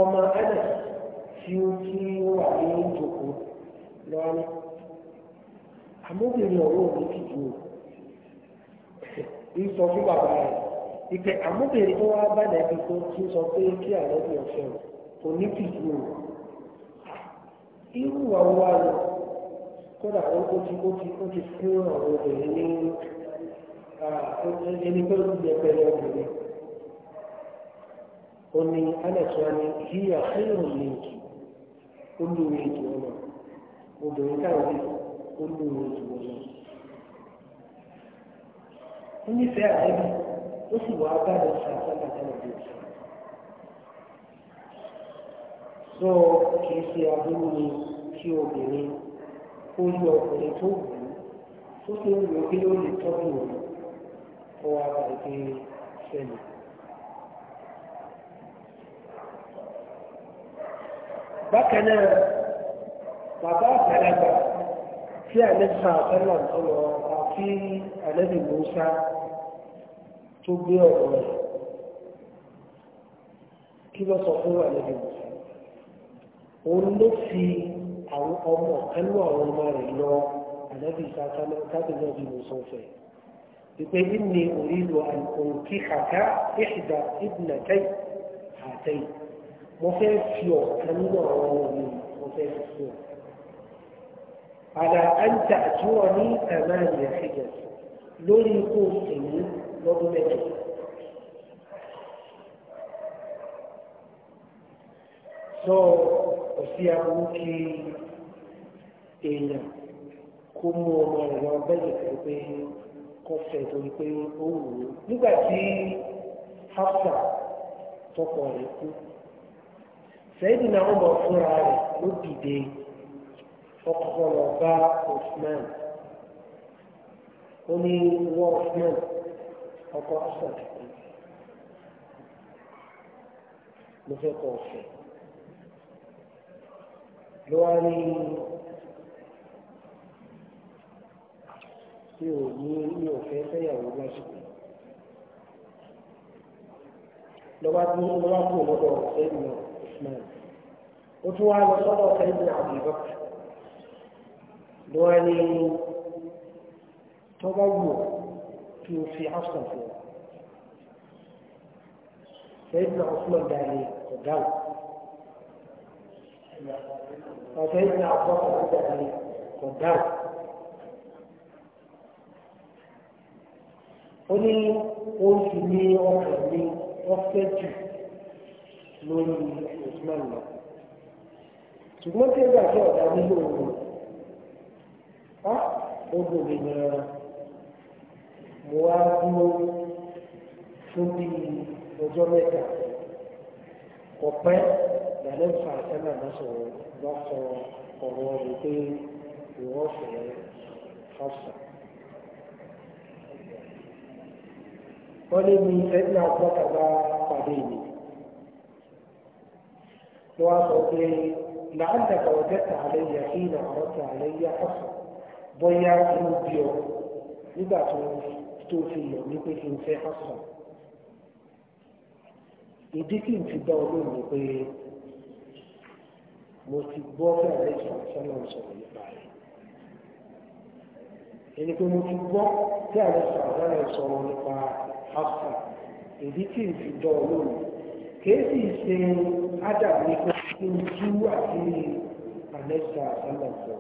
ọmọ ẹ̀dẹ̀ tí ó tí ó wà ní ìjòkó lọ́wọ́ àmóbìnrin ọ̀rọ̀ òní kìjú ìpè àmúbèrè tó wá bá nàbí tó tún sọ pé kí àlọ́bí ọ̀fẹ́ o kò ní kìkì o irú àwọn wa lọ kódà ó ti ó ti ó ti fún àwọn obìnrin ní ẹni pé ó ti yẹ pẹ̀lú obìnrin ó ní alex wa kí àfihàn lèkì ó lù mí jù ọ obìnrin káwọn ó lù mí jù ọ lọ ó ó sì wá gbàdọ̀ ṣàkàtàkàtà ìdí ìṣẹ́. so kìí ṣe aburú ni kí obìnrin ó rí ọkùnrin tó wù ú tó ṣe ń wò kí ló lè tọ́jú òun kó wá bá ìpè bákan náà bàbá àgbàlagbà tí àlejò àtọ́nà tó lọ àti àlejò Musa. tó gbé ọ̀rọ̀ rẹ̀ kí ló sọ fún àlejò òun ló fi àwọn ọmọ kánú àwọn ọmọ rẹ̀ lọ ànábì sàkámẹ kábíyà bí mo sọ fẹ ìpè ní orílù àìkòrò kí kàkà ìṣìdá ìdìnà tẹyì àtẹyì mo fẹ́ fi ọ̀kan nínú àwọn ọmọ mi mo fẹ́ fi fi ọ. àlà àǹtà àtúwọ̀ ní ẹ̀mẹ́ ìyàfẹ́jẹ̀ lórí ikú èyí lọ́dún bẹ̀rẹ̀. sọ òsì àwọn kí èèyàn kó mú ọmọ rẹ̀ lọ bẹ́ẹ̀ pé pé kó fẹ́ torí pé ó wù ú. nígbà tí hafsa tọkọ rẹ̀ kú sẹ́yìn náà wọ́n bọ̀ fúnra rẹ̀ ló dìde ọkọ̀ lọ bá Usman ó ní wọ́n Usman ọkọ asad ló fẹ́ kọ ọ̀fẹ́ ló wá ní tí ò ní ní ọ̀fẹ́ fẹ́yàwó lásìkò lọ́wọ́ tí lọ́wọ́ kò lọ́dọ̀ ọ̀fẹ́ ìmọ̀ Usman ó tún wá lọ sọ́dọ̀ ọ̀fẹ́ ìmọ̀ Abubakar ló wá ní tọ́gbà wù ọ́. توفي عصا فوق سيدنا عثمان داري قدام وسيدنا عبد الله داري قدام oni oṣù ní ọkàn ní ọfẹ jù lórí usman lọ ṣùgbọ́n tí ó gbà tí ọ̀dà nílò òun ó gbòmìnira mo wá dúró fún bí ọjọ́ mẹ́ta ọ̀pẹ́ làlẹ́fà sẹ́nà bá sọ̀rọ̀ bá sọ ọ̀rọ̀ rẹ̀ pé ìwọ́ fẹ́ fásitì. wọ́n lé ní ẹ̀dínà àgbàkà bá pàdé mi. wọ́n á sọ pé làálàkà ọ̀jẹ̀ta àlẹ́yà kí ìlànà ọ̀tà àlẹ́yà fásitì bóyá inú bí ọ nígbà tó ń fi tó fi lọ ní pé kí n fẹ́ ọ̀sán ìdí kí n fi bá olóògùn ni pé mo ti gbọ́ fún àlejò àṣánà sọ̀rọ̀ nípa rẹ̀ èyí pé mo ti gbọ́ fún àlejò àṣánà sọ̀rọ̀ nípa ọ̀sán ìdí tí n fi dán olóòrùn kìí sì ṣe ádàbí nípa kí n jú àti àlẹ́sà àlọ́pọ̀.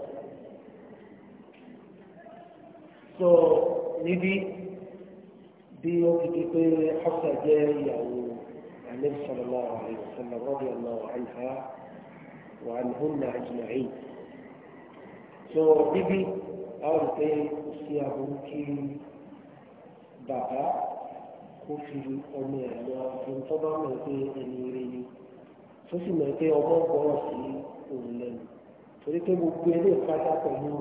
sọ níbi bí ó ti di pé Hafsa jẹ́ ìyàwó Ànábì sallallahu alaihi wasallam radiyallahu anha wa anhunna ajma'in. so bíbí a rò pé kò sí aburú kí bàbá kó fi ọmọ ẹ̀ lọ ohun tó bá mọ̀ pé ẹni rẹ̀ ni tó sì mọ̀ pé ọmọ gbọ́rọ̀ sí òun lẹ́nu torí pé gbogbo ẹlẹ́ẹ̀pátá pẹ̀lú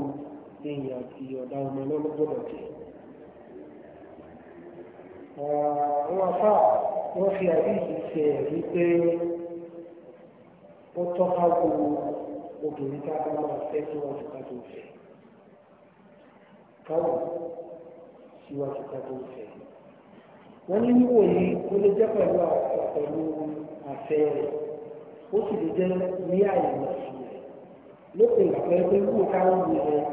èèyàn àti ọ̀dà ọmọ náà ló gbọ́dọ̀ jẹ́ àwọn afá wọ́n fi àdéhìí ṣe ẹ̀rí pé ó tọ́ wo obìnrin tá a bá máa fẹ́ tí wọ́n ti ká tó fẹ́ káwọ̀ síwájú ká tó fẹ́ wọ́n ní níwò yìí ó lè jẹ́ pẹ̀lú pẹ̀lú àfẹ́ rẹ̀ ó sì lè jẹ́ ní àyẹ̀wò sí rẹ̀ lópin ìgbà pẹ́ pé wúwo káwọn wù rẹ̀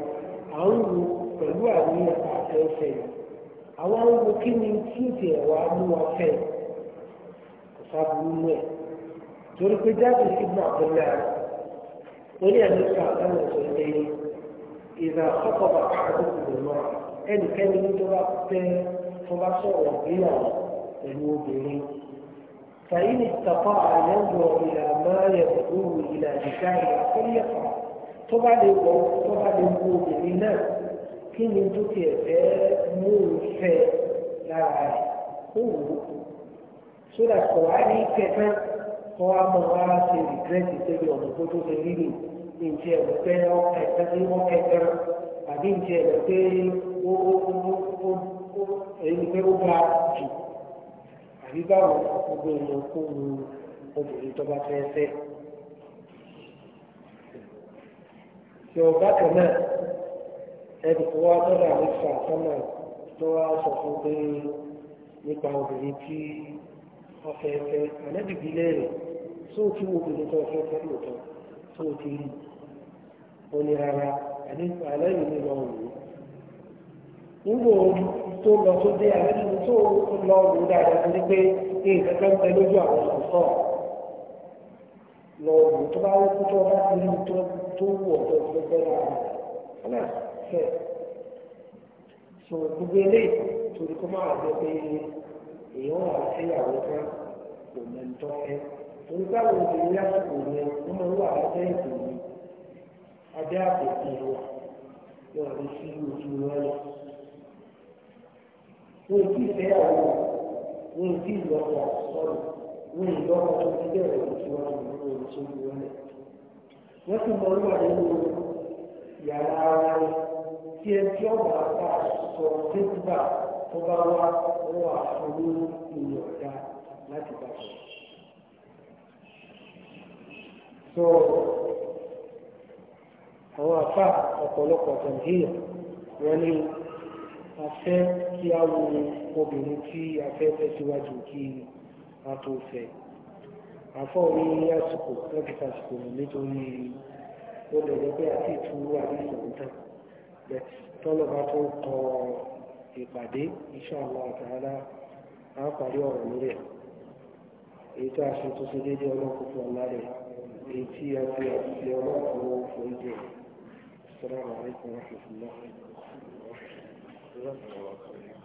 à ń wo pẹ̀lú àwọn àfẹ́ fẹ́ yìí àwọn ohun kí ni tí ó ti ẹ̀wà mú wọn fẹ́ kò sábúrú mú ẹ̀ torí pé jáde sígbà àbúlá orí ẹ̀mí ká àtàwọn ọ̀sẹ̀ pé ìlà àkọ́kọ́ bàbá àdókò lè mọ́ ẹnikẹ́ni tó bá tẹ́ tó bá sọ̀rọ̀ ìgbéyàwó pẹ̀lú obìnrin فإن استطاع أن ينظر إلى ما يدعوه إلى نكاح فليفعل طبعا طبعا يقول بالناس kí ni dúkìá fẹ́ mú un fẹ́ lára rẹ̀ ó wù ú sódà kọ̀ wá ní kẹta kọ́ wá mọ̀ wá ṣe rìgírẹ́tì tẹ́lẹ̀ ọ̀nà tó tó ṣe nílò ní ẹ̀rọ pé ọkọ̀ ẹ̀ka sí ọkọ̀ àbí ìṣe ẹ̀rọ pé ó ó ó ó èyí pé ó ga jù àbí báwo gbogbo èèyàn kó wu obìnrin tó bá fẹ́ fẹ́. Yorùbá kan náà ẹnì kan wá lọ́dọ̀ àlẹ́fà sọ́nà tó wá sọ fún pé nípa obìnrin tí ọ̀fẹ́ ẹ̀fẹ́ ànábìbí lẹ́rẹ̀ tó ti wo obìnrin tó ọ̀fẹ́ ẹ̀fẹ́ lòótọ́ tó ti rí ó ní rárá àlẹ́yìn ní lọ́wọ́ wò ó. nígbò tó lọ tó dé àlẹ́yìn tó lọ wò dáadáa tó ní pé nǹkan kan bẹ lójú àwọn ọ̀sán lọ wò tó bá wọ́pọ̀ tó bá ti rí tó wù ọ̀dọ́ tó fẹ́ lára fẹ́ so gbogbo eléyìí torí kó má wà pé èèyàn wà sí àwọn kan kò torí yẹn wọ́n máa ń wà mi lè fi ojú wọn lọ. wọ́n ti fẹ́ àwọn wọ́n ti lọ́kọ̀ wọ́n ti lọ́kọ̀ tó ti bẹ̀rẹ̀ wọn tí ẹ tí ọ̀gá àgbà sọ dẹ́gbà tó bá wá wọ́n àfọwọ́ ìyẹn ọ̀gá láti bá sọ. so àwọn àfà ọ̀pọ̀lọpọ̀ tẹ̀lé wọn ni a fẹ́ kí a wo obìnrin tí a fẹ́ fẹ́ síwájú kí a tó fẹ́ àfọ́ orí àsìkò lọ́kìtà àsìkò nítorí ó lè lọ àti ìtú àdìsàn tán tọ́lọ̀ bá tó kọ ìpàdé insha Allah ta'ala á parí ọ̀rọ̀ lórí ẹ̀ èyí tó a ṣe tó ṣe déédéé ọlọ́kùn fún ọ̀la rẹ̀ èyí tí a fi àti ọlọ́kùn fún ìdí ẹ̀ Assalamu alaikum warahmatullahi wabarakatuh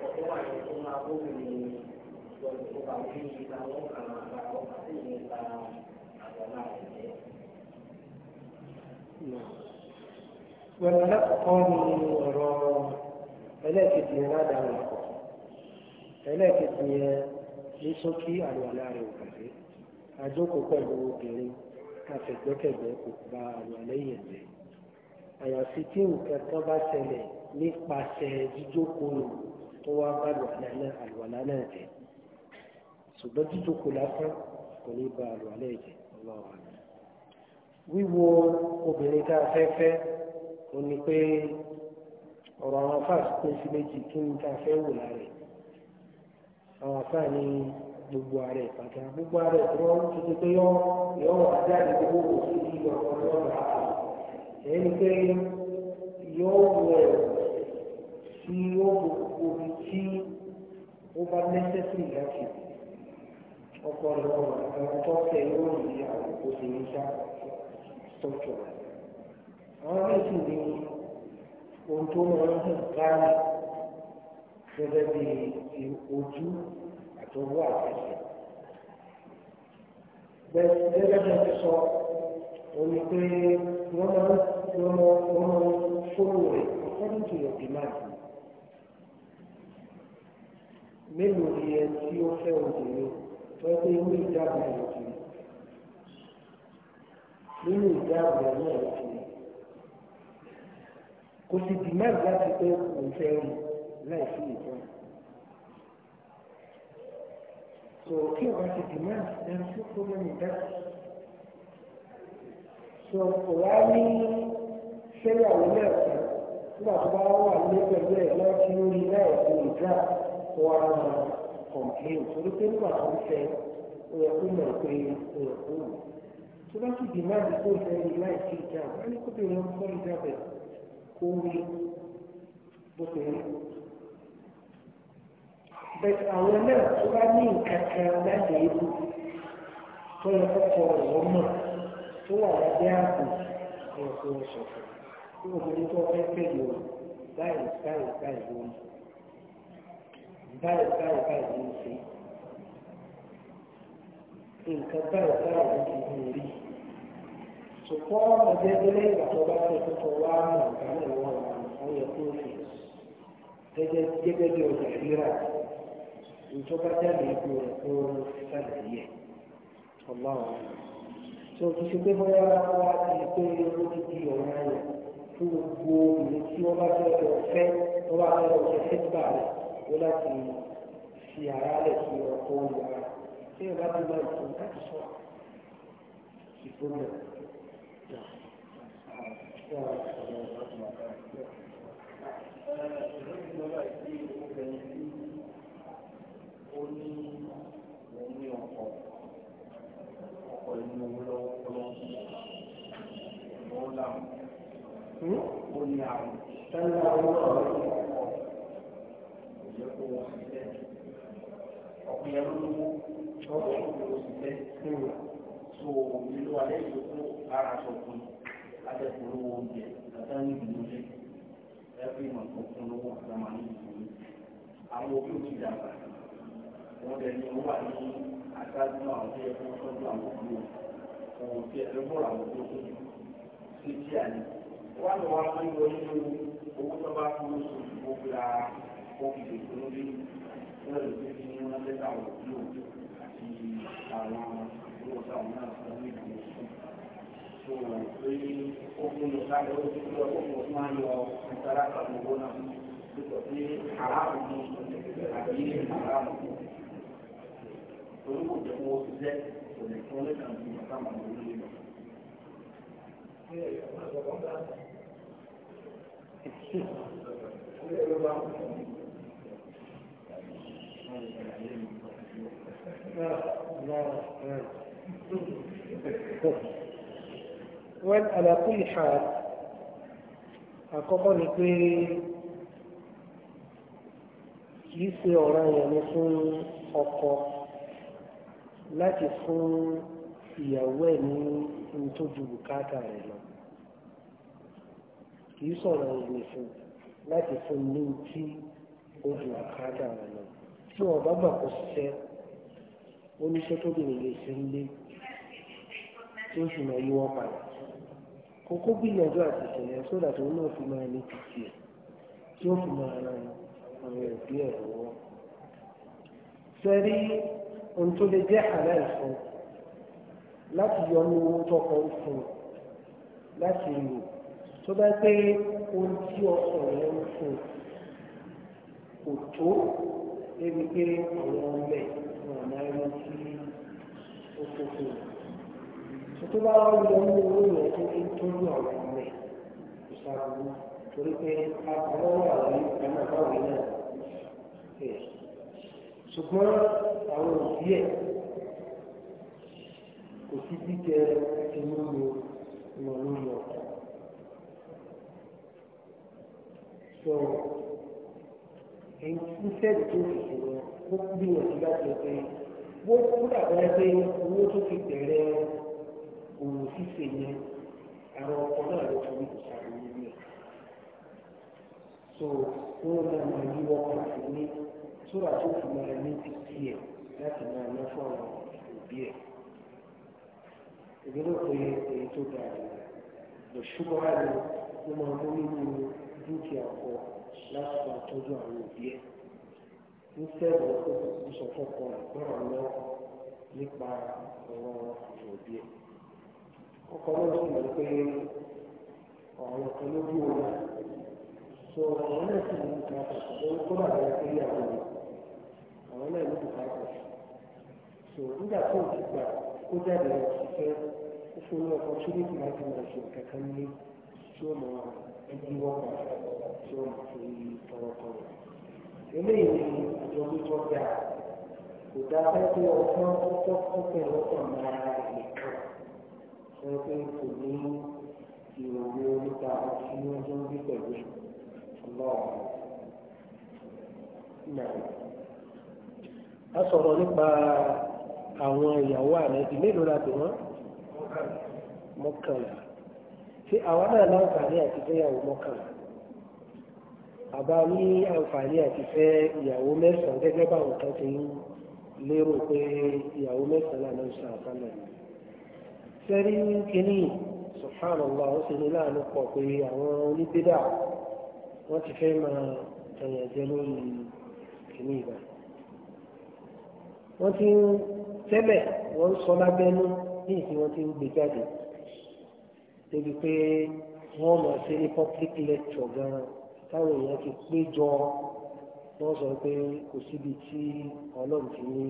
ọ̀pọ̀ wà ní fún abóhùnmí ìjọba tó bá wí nípa wọn kà máa bá wọn kà sí nípa àgbàlá rẹ̀. Wọ́n alákọ̀ọ́kọ́ ni ọ̀rọ̀ ẹlẹ́ẹ̀kejì yẹn ládàá rẹ̀ kọ̀. Ẹlẹ́ẹ̀kejì yẹn ní sókí àlùwàlá rẹ̀ ò bàjẹ́. Àjókòó pẹ̀lú obìnrin afẹ̀gbẹ́kẹ̀gbẹ́ kò gba àlùwàlá yẹn jẹ́ àyàfi tí nǹkan kan bá ṣẹlẹ̀ nípasẹ̀ jíjókòó tó wá bá àlùwàlá náà àlùwàlá náà jẹ́ ṣùgbọ́n jíjókòó lásán kò ní ba àlùwàlá ẹ̀jẹ̀ ọlọ́wà ni. wíwo obìnrin tá a fẹ́ fẹ́ ó ní pé ọ̀rọ̀ àwọn afáà pín sí méjì kí ni tá a fẹ́ wò lára àwọn afáà ní gbogbo ara ẹ̀ gbogbo ara tó wọ́n ti di pé yọ yọ wà jáde gbogbo òsì yìí ọ̀pọ̀lọpọ̀ àti ẹ̀ ní pé yọ wọ ẹ̀wọ̀ tí ó gbogbo omi tí ó bá lẹ́sẹ̀ sí ìyáṣẹ́ ọkọ lọ àwọn tó tẹ yóò rí àkókò sí ní sá tọ́jọ́ àwọn méjì ní ohun tó máa ń hàn káàmì gẹ́gẹ́ bí ojú àtọwọ́ àtẹ̀sẹ̀ gẹ́gẹ́ bí wọ́n ti sọ omi pé wọ́n máa ń mélòó ni ẹ tí ó fẹ́ òjòyè tó ẹ pé inú ìjáàbù ẹ̀ òjòyè nínú ìjáàbù ẹ̀ náà òjòyè kò sì dìmáàdì láti pé òun fẹ́ rí láì sí ìjọ. So kí ọba ti dìmáàdì ẹni tó kó mọ́ nígbà tó kò wá ní sẹ́yàwó lẹ́ẹ̀kan nígbà tó bá wà ní pẹ̀lú ẹ̀ lọ́ọ́ tí ó rí láì sí ìjáàbù kó wá máa kọ̀m̀pléǹ torí pé nígbà tó ń fẹ́ ó yẹ kó pé ó yẹ kó tó bá sì dìímọ̀ àti kó fẹ́ ní láì sí ìjà wọn ní kóbi wọn kọ́ ìjà bẹ̀ kó rí bó ṣe rí. bẹ́ẹ̀ àwọn náà tó bá ní nǹkan láti èébù tó yẹ kó kọ ọ̀rọ̀ mọ̀ tó wà lábẹ́ ààbò ẹ̀kọ́ ọ̀ṣọ̀fọ̀ tó wọ́n mọ̀ ní tó fẹ́ fẹ́ lò báyìí báyìí báyìí lónìí báyìí báyìí báyìí ló ń ṣe nǹkan báyìí báyìí ló ń rí ṣùgbọ́n ọmọdé lẹ́yìn ìgbà tó bá fẹ́ tó wá mọ̀ nǹkan náà wọ́n wọ́n yẹ kó gẹ́gẹ́ gẹ́gẹ́ bí ọjà rírà ìjọba jáde ìgbò rẹ̀ kó sálẹ̀ yẹ ọlọ́run tó kì í ṣe pé bóyá wá ti pé ó ti di ọ̀ràn rẹ̀ fún gbogbo ìlú tí wọ́n bá fẹ́ ọ̀fẹ́ wọ́n bá fẹ́ ọ̀fẹ́ fẹ́ ó láti fi ara rẹ̀ sí ọkọ̀ ìyára tí ìyá bá ti lọ ìtàn láti sọ ìfowópamọ́. Hmm? ìyẹ́kọ̀ wà nílẹ̀ ọ̀pìn ẹ̀rọ lówó ọ̀pọ̀ ìlú sílẹ̀ tó ìlú alẹ́ ìlú ara sọ̀kùn adẹ́kùn lówó oúnjẹ àtàní ìlú lé ẹgbẹ́ ìmọ̀ ọ̀kùn lówó àtàmà ní ìlú àwọn òbí òbí dàgbà wọn dẹ̀ ní wà ní àtàdé àwọn tí ẹ̀kọ́ tọ́jú àwọn òbí òun tí ẹ̀kọ́ bọ̀rọ̀ àwọn òbí òbí sí tí a ní wọ́n lọ wá pé wọlé owó tó bá fún oṣù kọ́ọ̀kì tó lórí lọ́rọ̀ tó fi ní wọ́n lẹ́ta àwọn òkúlò àti àwọn olóòtú àwọn náà fún ní ìlú ọ̀sán. So pé ó fún lọ sáré ó fún lọ fún ọdún máa ń lọ ìtara àtàwọn owó náà nípa pé aráàlú ní àbí aráàlú. Orúkọ jẹ́ kó wọ́n ti jẹ́ kò lè fún lẹ́ta àti bàbá màmá olóyè lọ. Thank you wọ́n àlàkù ìhà àkọ́kọ́ ni pé kìí ṣe ọ̀ràn yẹn ni fún ọkọ láti fún ìyàwó ẹ̀ ní ntójú bùkátà rẹ̀ lọ kìí sọ̀rọ̀ yẹn ni fún láti fún ní tí ó ju àkádà rẹ̀ lọ tí wọ́n bá gbà kó ṣiṣẹ́ oníṣẹ́ tó bìnrin lè ṣe ń lé tí ó sì máa yí wọ́n padà kókó gbìyànjú àti ìṣẹ̀lẹ̀ sódà tó náà fi máa ní títì ẹ̀ tí ó fi máa ran àwọn ẹ̀bí ẹ̀ lọ́wọ́ sẹ́rí ohun tó lè jẹ́ àlá ìfún láti yọ ní owó tọkọ fún láti lò tó bá pé ohun tí ọkọ rẹ̀ ń fún kò tó débi pé àwọn ọmọ ẹ̀ wọn náà rí sí òkòkò tó bá wà lọ ní owó yẹn tó ń tọ́jú àwọn ọmọ ẹ̀ kò sábà torí pé akọ̀wé àwọn ìkànnì àbáwí náà ẹ̀ ṣùgbọ́n àwọn òbí ẹ̀ kò sí jíjẹ inú mi lọ lórí iṣẹ́ tó ó gbìyànjú láti ṣe wọ́n kú dàbẹ́ pé owó tó fi bẹ̀rẹ̀ òwò ṣíṣe yẹn àwọn ọkọ̀ náà ló fi kò ṣàlùyé ní ẹ̀. so wọ́n máa máa yí wọ́pọ̀ àti ní sóra tó fi máa ní ti tiẹ̀ láti máa ná fún àwọn òbí ẹ̀. ìgbéró pé èyí tó dáa lọ ṣùgbọ́n àlọ́ ló máa mú nínú dúkìá ọkọ̀ láti bá tọ́jú àwọn òbí ẹ̀ ń fẹ́ràn ọkọ̀ tó sọ fọ́kọ ìgbọ́ràn lọ nípa ọ̀rọ̀ àwọn òbí ẹ̀. ọkọ náà sì mọ̀ pé ọ̀rọ̀ kan ló bí òun náà so àwọn náà sì ní ìgbà pàtàkì ó kó bàbá ẹ̀ pé ìyàwó rẹ̀ àwọn náà ló bùkà pọ̀ so nígbà tó ti gbà ó jáde lọ sí fẹ́ ó fún ọkọ̀ tó tó máa ṣe nǹkan kan ní tí mọ̀ ọ́ ẹni wọ́pọ̀ tí ó máa fi tọrọtọrọ. eléyìí ni àjọ tó dá kò dá pẹ́pẹ́ ọgbọ́n ọgbọ́n pẹ́pẹ́ lọ́pọ̀ máa nìkan fún pé kò ní ìròyìn onípa àti ọjọ́ bí pẹ̀lú ọlọ́run. a sọ̀rọ̀ nípa àwọn ìyàwó àrẹ ìdílé ìlú la dùn wọ́n mọ́kànlá tí àwọn náà láǹfààní àti fẹ́ ìyàwó mọ́kànlá àbá ní àǹfààní àti fẹ́ ìyàwó mẹ́sàn-án gẹ́gẹ́ báwọn kan ti ń lérò pé ìyàwó mẹ́sàn-án náà ń sọ àbálẹ̀ sẹ́rí kínní subhanallah ó sì ní láàánú pọ̀ pé àwọn oníbídà wọ́n ti fẹ́ máa tẹ̀yàn jẹ lórí kínní ìgbà wọ́n ti ń tẹ́lẹ̀ wọ́n ń sọ lábẹ́nú ní ìsìn wọ́n ti ń gbé jáde débi pé wọ́n máa ṣe ní public lecture gan táwọn èèyàn ti pé jọ wọ́n sọ pé kò síbi tí ọlọ́run ti ní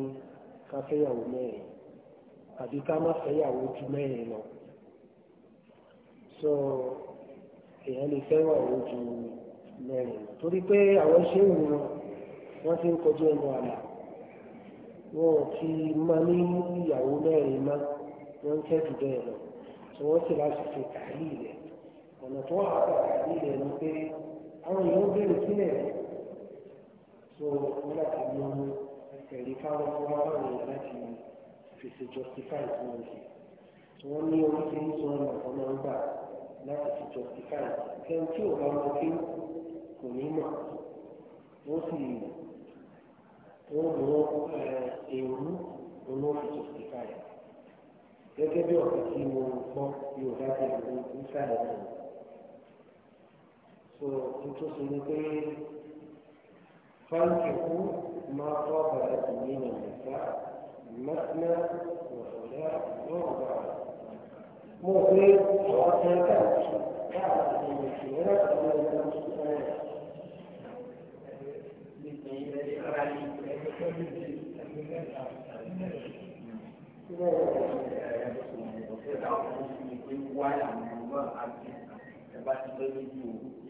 ká fẹ́yàwó mẹ́rin àbí ká má fẹ́yàwó ju mẹ́rin lọ. so èèyàn lè fẹ́yàwó ju mẹ́rin lọ torí pé àwọn iṣẹ́ ìwòran wọ́n ti ń kọjú ẹnu àlà wọn ti máa ní ìyàwó mẹ́rin má wọ́n ń kẹ́jù bẹ́ẹ̀ lọ tí wọ́n ti láti ṣe tààlì rẹ̀ ọ̀nà tó wà láti tààlì rẹ̀ ni pé àwọn èèyàn bẹ̀rẹ̀ sílẹ̀ rẹ̀ so wọ́n láti mú ẹ̀rí káwọn tó wá láwọn èèyàn láti fèsì justify fún wọn sí tí wọ́n ní oríṣiríṣi ọ̀nà kan máa ń gbà láti fi justify kẹ́hìn tí ò bá mọ pé kò ní mọ̀ wọ́n sì wọ́n mọ èrú òun ó fi justify gẹ́gẹ́ bí ọ̀sẹ̀ tí mo gbọ́ yorùbá ti lù ú nísàlẹ̀ rẹ̀ so tuntun sì ni pé fáńkì kú máa tọ́ bàtà sí ní nàìjíríà mẹ́tìmẹ́ òṣèlú yóò gbà mo pé àwọn ọ̀sẹ̀ káàkiri káàkiri ìṣòro láti lè lọ sí ọ̀rẹ́. Thank you. àwọn oṣù yìí pé wáyà nínú àti ẹ bá ti lé ní ju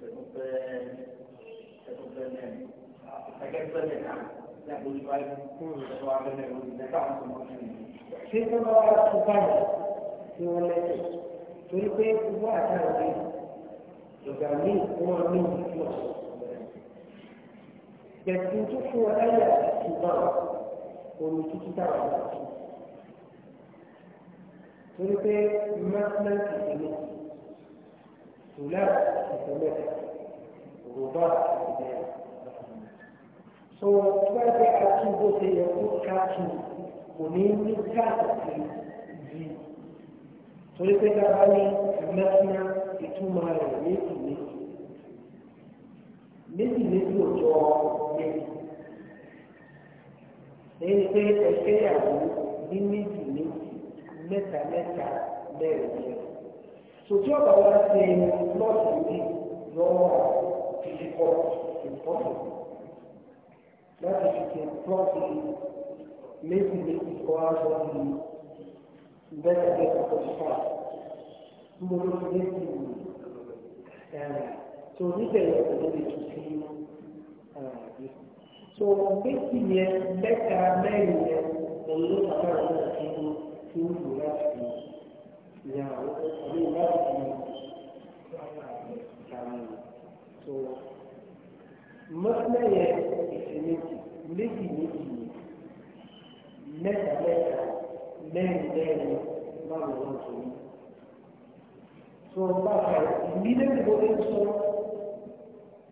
ẹtùfẹ́ ẹtùfẹ́ mẹ́rin ẹgẹ́fẹ́ mẹ́rin náà ní àgbójú báyìí fún ìṣẹ́wọ́ abẹ́lẹ̀ lórí mẹ́ta àwọn ọmọ ọmọ yìí. ṣé kí wọ́n bá wá tó báyìí tí wọ́n lẹ́sẹ̀ torí pé gbogbo àtàwọn ìgbà míì wọ́n ní ìfọ̀ bẹ̀tù tó fún ọ láyà ìgbà omi tuntun táwọn ọmọ torí pé mẹ́tẹ́lẹ́ ìṣẹ̀lẹ̀ tùlẹ̀ ìṣẹ̀lẹ̀ òrùbá ìṣẹ̀lẹ̀ so wọ́n fẹ́ àti bó ṣe yẹ kó káàkiri kò ní ní káàkiri yìí torí pé dábàá ní mẹ́tẹ́lẹ́ ìtumọ̀ rẹ̀ méjì méjì méjì méjì òjò méjì èyí ni pé ẹ̀ṣẹ́ ìyàwó ní méjì méjì. mẹ́ta mẹ́ta bẹ́ẹ̀ ni. Sòtí ọ̀bà wa ṣe lọ́ọ̀sì yìí lọ́wọ́ ìdíkọ̀ ìfọ́sọ̀ láti fi ṣe plọ́ọ̀sì méjì méjì kọ́ aṣọ ní mẹ́ta mẹ́ta tó fà mo ló fi méjì ẹ̀rìn tó níbẹ̀rẹ̀ ọ̀dọ́ lè tún sí tó méjì yẹn mẹ́ta mẹ́rin yẹn òun ló fà lọ́wọ́ sí i. tí ó lò láti yan àwọn láti yan so mọ́tò yẹn ìsinmi méjì méjì mẹ́ta mẹ́ta mẹ́rin mẹ́rin báwo ló ń sọ yìí so báwo ìdílé ìbò ń sọ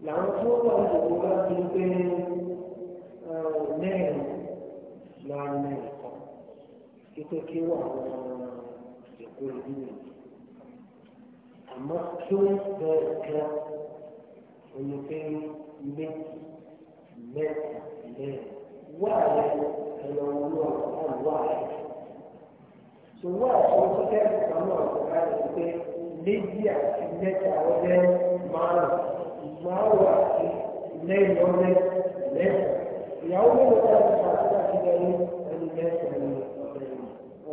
làwọn tó wà ní ìbò bá ti gbé mẹ́rin pé kí wọ́n àwọn ìjẹ̀kú ìlú rẹ̀ àmọ́ kí wọ́n bẹ̀rẹ̀ kẹ́ oní pé méjì mẹ́ta mẹ́rin wà rẹ̀ ẹ̀rọ olúwa náà wà rẹ̀ ṣùgbọ́n àwọn tó kẹ́ ìtàn náà kò ká lè pé méjì àti mẹ́ta ọdẹ márùn-ún márùn-ún àti lẹ́yìn ọdẹ mẹ́ta ìyàwó mélòó ká lè ṣàkóso àti ẹni ẹni mẹ́ta ẹni.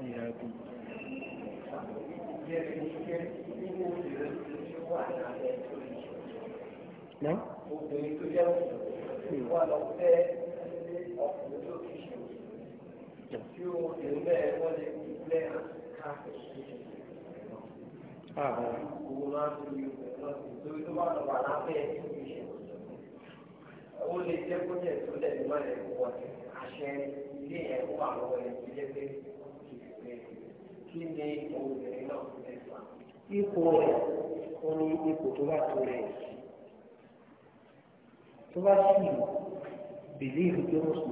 Nà. Obìnrin tó jẹ́ òkùnkùn wà lọ fẹ́ ọkùnrin tó kí ṣe òkùnkùn. Tí o lè bẹ́ẹ̀ wọ́n lè fi lẹ́ ṣe. Ó lè jẹ́ kó jẹ́ ìtúlẹ̀ ìmọ̀lẹ̀ wọ̀ àṣẹ ilé ẹ̀kọ́ àwọn ẹ̀kọ́ jẹ́ pé. kí ni obìnrin náà ipò rẹ̀ ó ní ipò tó bá tó rẹ̀ sí tó bá sì tó sì tẹ̀lé tó gbogbo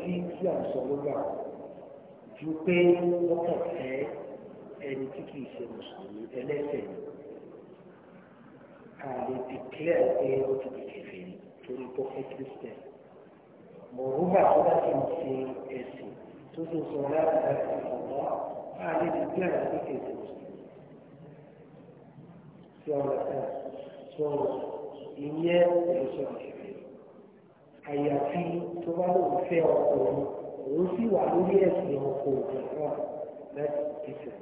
tí tí à ń sọ ló ju pé wọ́n kàn fẹ́ ẹni tí ṣe mùsùlùmí ẹlẹ́sẹ̀ ni a lè dìklẹ́ pé ó ti mòrúbà tó bá ti ṣe ẹ̀sìn tó tó sọ láti bá ti sọ̀rọ̀ láàrin ìdílé àwọn kékeré tí ọ̀rọ̀ kan sọ̀rọ̀ ìyẹn ìrẹsọ̀ kẹfẹ́ àyàfi tó bá lóun fẹ́ ọkọ òun òun sì wà lórí ẹ̀sìn ọkọ òun náà láti kékeré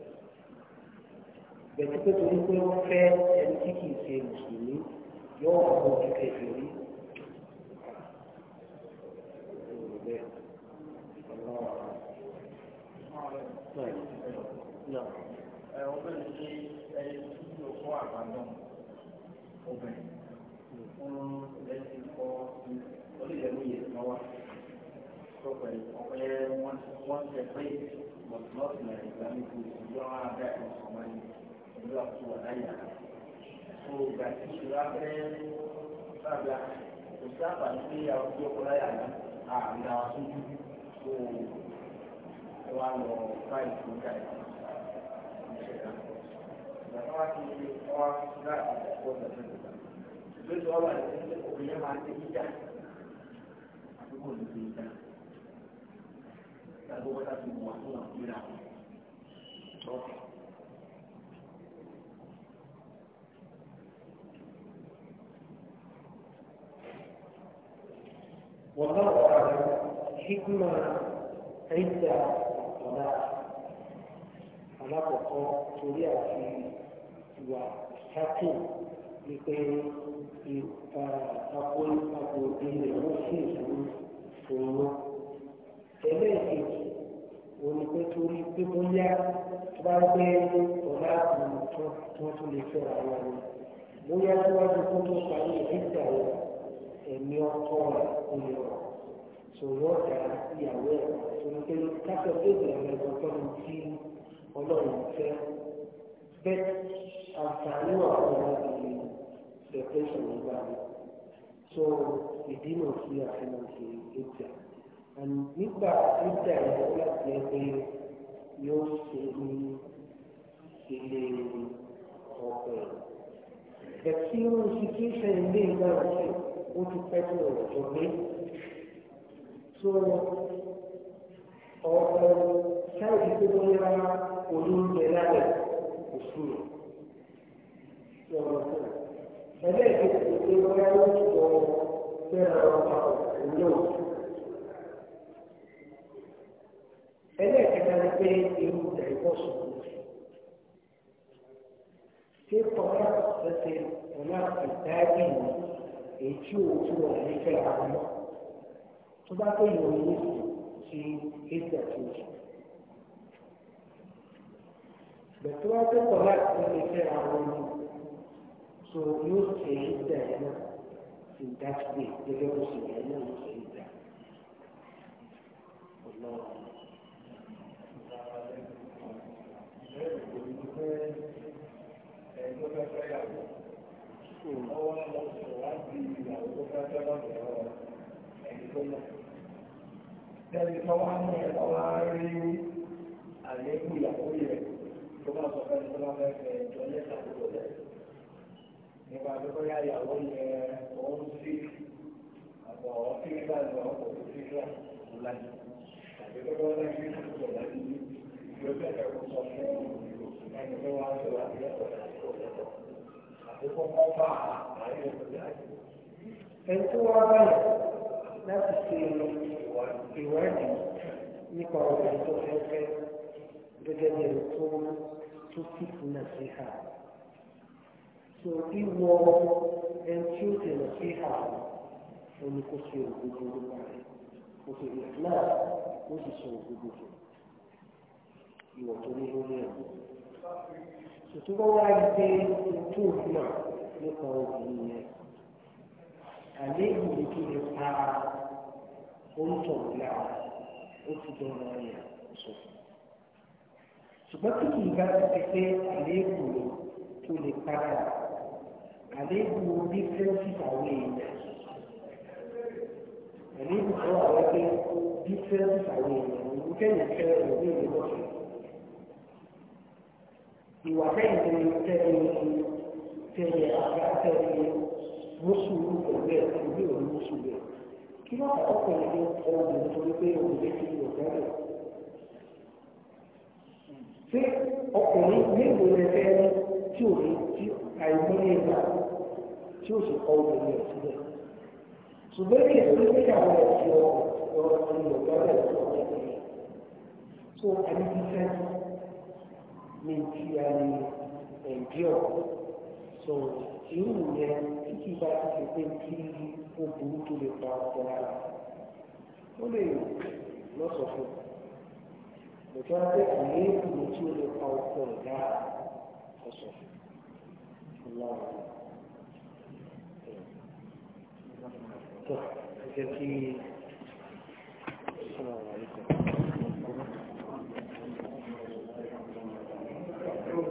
bẹ̀rẹ̀ pé torí pé wọ́n fẹ́ ẹni tí kìí ṣe mùsùlùmí yóò kọ́ kékeré rí. obìnrin ṣe ẹni tí yóò kọ́ àgbàdo obìnrin fún lẹ́sìn kọ́ olùdẹ̀múyè lọ́wọ́ tó pẹ̀lú ọ̀pẹ́ wọ́n ṣe pé mọ̀tìmọ́tì náà ìgbà mi kò sí yọ ara bẹ́ẹ̀ kan sójú ẹ wá lọ báyìí tó ga ẹ̀ ìgbàlọ́wọ́ ti wá láti ọ̀pọ̀ ọ̀dọ̀ lójú ọ̀wà ìdílé obìnrin máa ń tẹ jíjà àdúgbò ní ti jíjà ìgbàgbọ́ wọn láti wà fún àwọn ìlera wọn. والله أعلم حكمة عدة ọ̀dà alákọ̀ọ́kọ́ torí àti ìwà sákì ni pé àpò àpò ilẹ̀ wọ́n sì fún òun ẹlẹ́ẹ̀kejì òun ni pé torí pé bóyá tó bá gbé ọ̀dà àpò tó tún lè fẹ́ ara wọn bóyá tó wá kó tó parí ìdíjà ẹ̀mí ọkọ rẹ̀ ó lè sọ̀rọ̀ ọ̀dà ìyàwó ẹ̀ sọ̀rọ̀ pé káṣọ tó bẹ̀rẹ̀ ẹ̀rọ tọ́nu tí ọlọ́run fẹ́ bẹ́ẹ̀ àǹfààní wà fún ọ̀dàbí depression nígbà mi so ìdí náà sí àfihàn ṣe ìjà nígbà ìjà ìyàwó láti ẹgbẹ́ yóò ṣe ní ilé ọ̀pẹ̀ bẹ̀tí ó ń ṣiṣẹ́ ilé ìgbà rẹ̀ ó ti pẹ́ tó ọ̀rọ̀ tó gbé so ọ̀pọ̀ sáyẹ̀dì tó tó yẹra olóúnjẹ lábẹ́ òṣùwọ̀n tí ọ̀rọ̀ tó ẹlẹ́ẹ̀kejì tó tó yẹra lọ́sọ̀ fẹ́ràn ọ̀pọ̀ òwúlò. ẹlẹ́ẹ̀kẹta ni pé irú ìdàgbọ́sọ̀ ṣé kọ́ńtà ṣẹṣẹ ọ̀nà ìdájì èyí tí òótọ́ rẹ̀ nífẹ̀ẹ́ àwọn náà tó bá pé ìwọ ilé ti ètò àkejì. Bẹ̀tú wá pé kọ̀ láti fún mi fẹ́ àwọn ọmọ so yóò ṣe ètò ẹ̀ náà in that way gẹ́gẹ́ bó ṣe yẹ náà ṣe ìgbà. Ọwọ́ ọmọ ìtọ́lọ̀ tẹ́lí tó wá ní ẹ̀rọ wá rí ìyàwó rẹ̀ tó bá sọ fẹ́ tó bá fẹ́ fẹ́ jọ lẹ́sà tó lẹ̀ nípa pípọ́ yá ìyàwó yẹn òun sí àbọ̀ fírígbà ní ọkọ̀ fírígbà tó láyé tàbí pípọ́ yá fírígbà tó láyé yóò bẹ̀rẹ̀ kó sọ fún ẹni tó wá sọ àbí ẹ̀kọ́ àti kókó bá àárín ẹ̀kọ́ ẹni tó wá láti ṣe ìwádìí nípa ọ̀rọ̀ tó fẹ́ fẹ́ gẹ́gẹ́ bí ẹni tó tó kìkì náà sí ha. So ìwọ ẹni tí ó ti lọ sí ha ó ní kó ṣe nípa rẹ̀. Kò sì ó sì ṣe òdodo fún ìwọ tó ní lórí ẹ̀. Sòtúbọ̀ wá ń gbé ojú òun náà nípa obìnrin yẹn àléébù ní kí ni pa orúkọ ìlà ó ti dán wọn yà sọ fún un. ṣùgbọ́n tí kì í bá ti di pé àléébù tó lè para àléébù ní fẹ́ǹsì àwọn èèyàn àléébù tó wà wáyé ní fẹ́ǹsì àwọn èèyàn ìlú kẹ́yìn fẹ́ ìlú ìlú lọ́sọ̀ọ́. ìwà kẹ́yìn tẹ́lẹ̀ tẹ́lẹ̀ tẹ́lẹ̀ àgbà tẹ́lẹ̀ mùsùlùmí pẹ̀lú ẹ̀ ìbí òun mùsùlùmí kí wọ́n kọ́ pẹ̀lú ọmọ nítorí pé òun ti lò tẹ́lẹ̀. ṣé ọkùnrin mélòó lè fẹ́ ní tí ò ní tí àìmọye náà tí ó sì kọ́ obìnrin ẹ̀ sílẹ̀. ṣùgbọ́n ní èdè tó ní àwọn ẹ̀sìn ọ̀rọ̀ ti lò tẹ́lẹ̀ tó àyíkíṣẹ́ ní ti irú yẹn tí ìgbà tó ṣe pé kí ó burú tó lè pa ọkọ lára ó lè lọ́sọ̀fọ̀ lọ́jọ́ pé àléébù tí ó lè pa ọkọ ìyá ọ̀sọ̀fọ̀ ọlọ́run. Thank you. السلام عليكم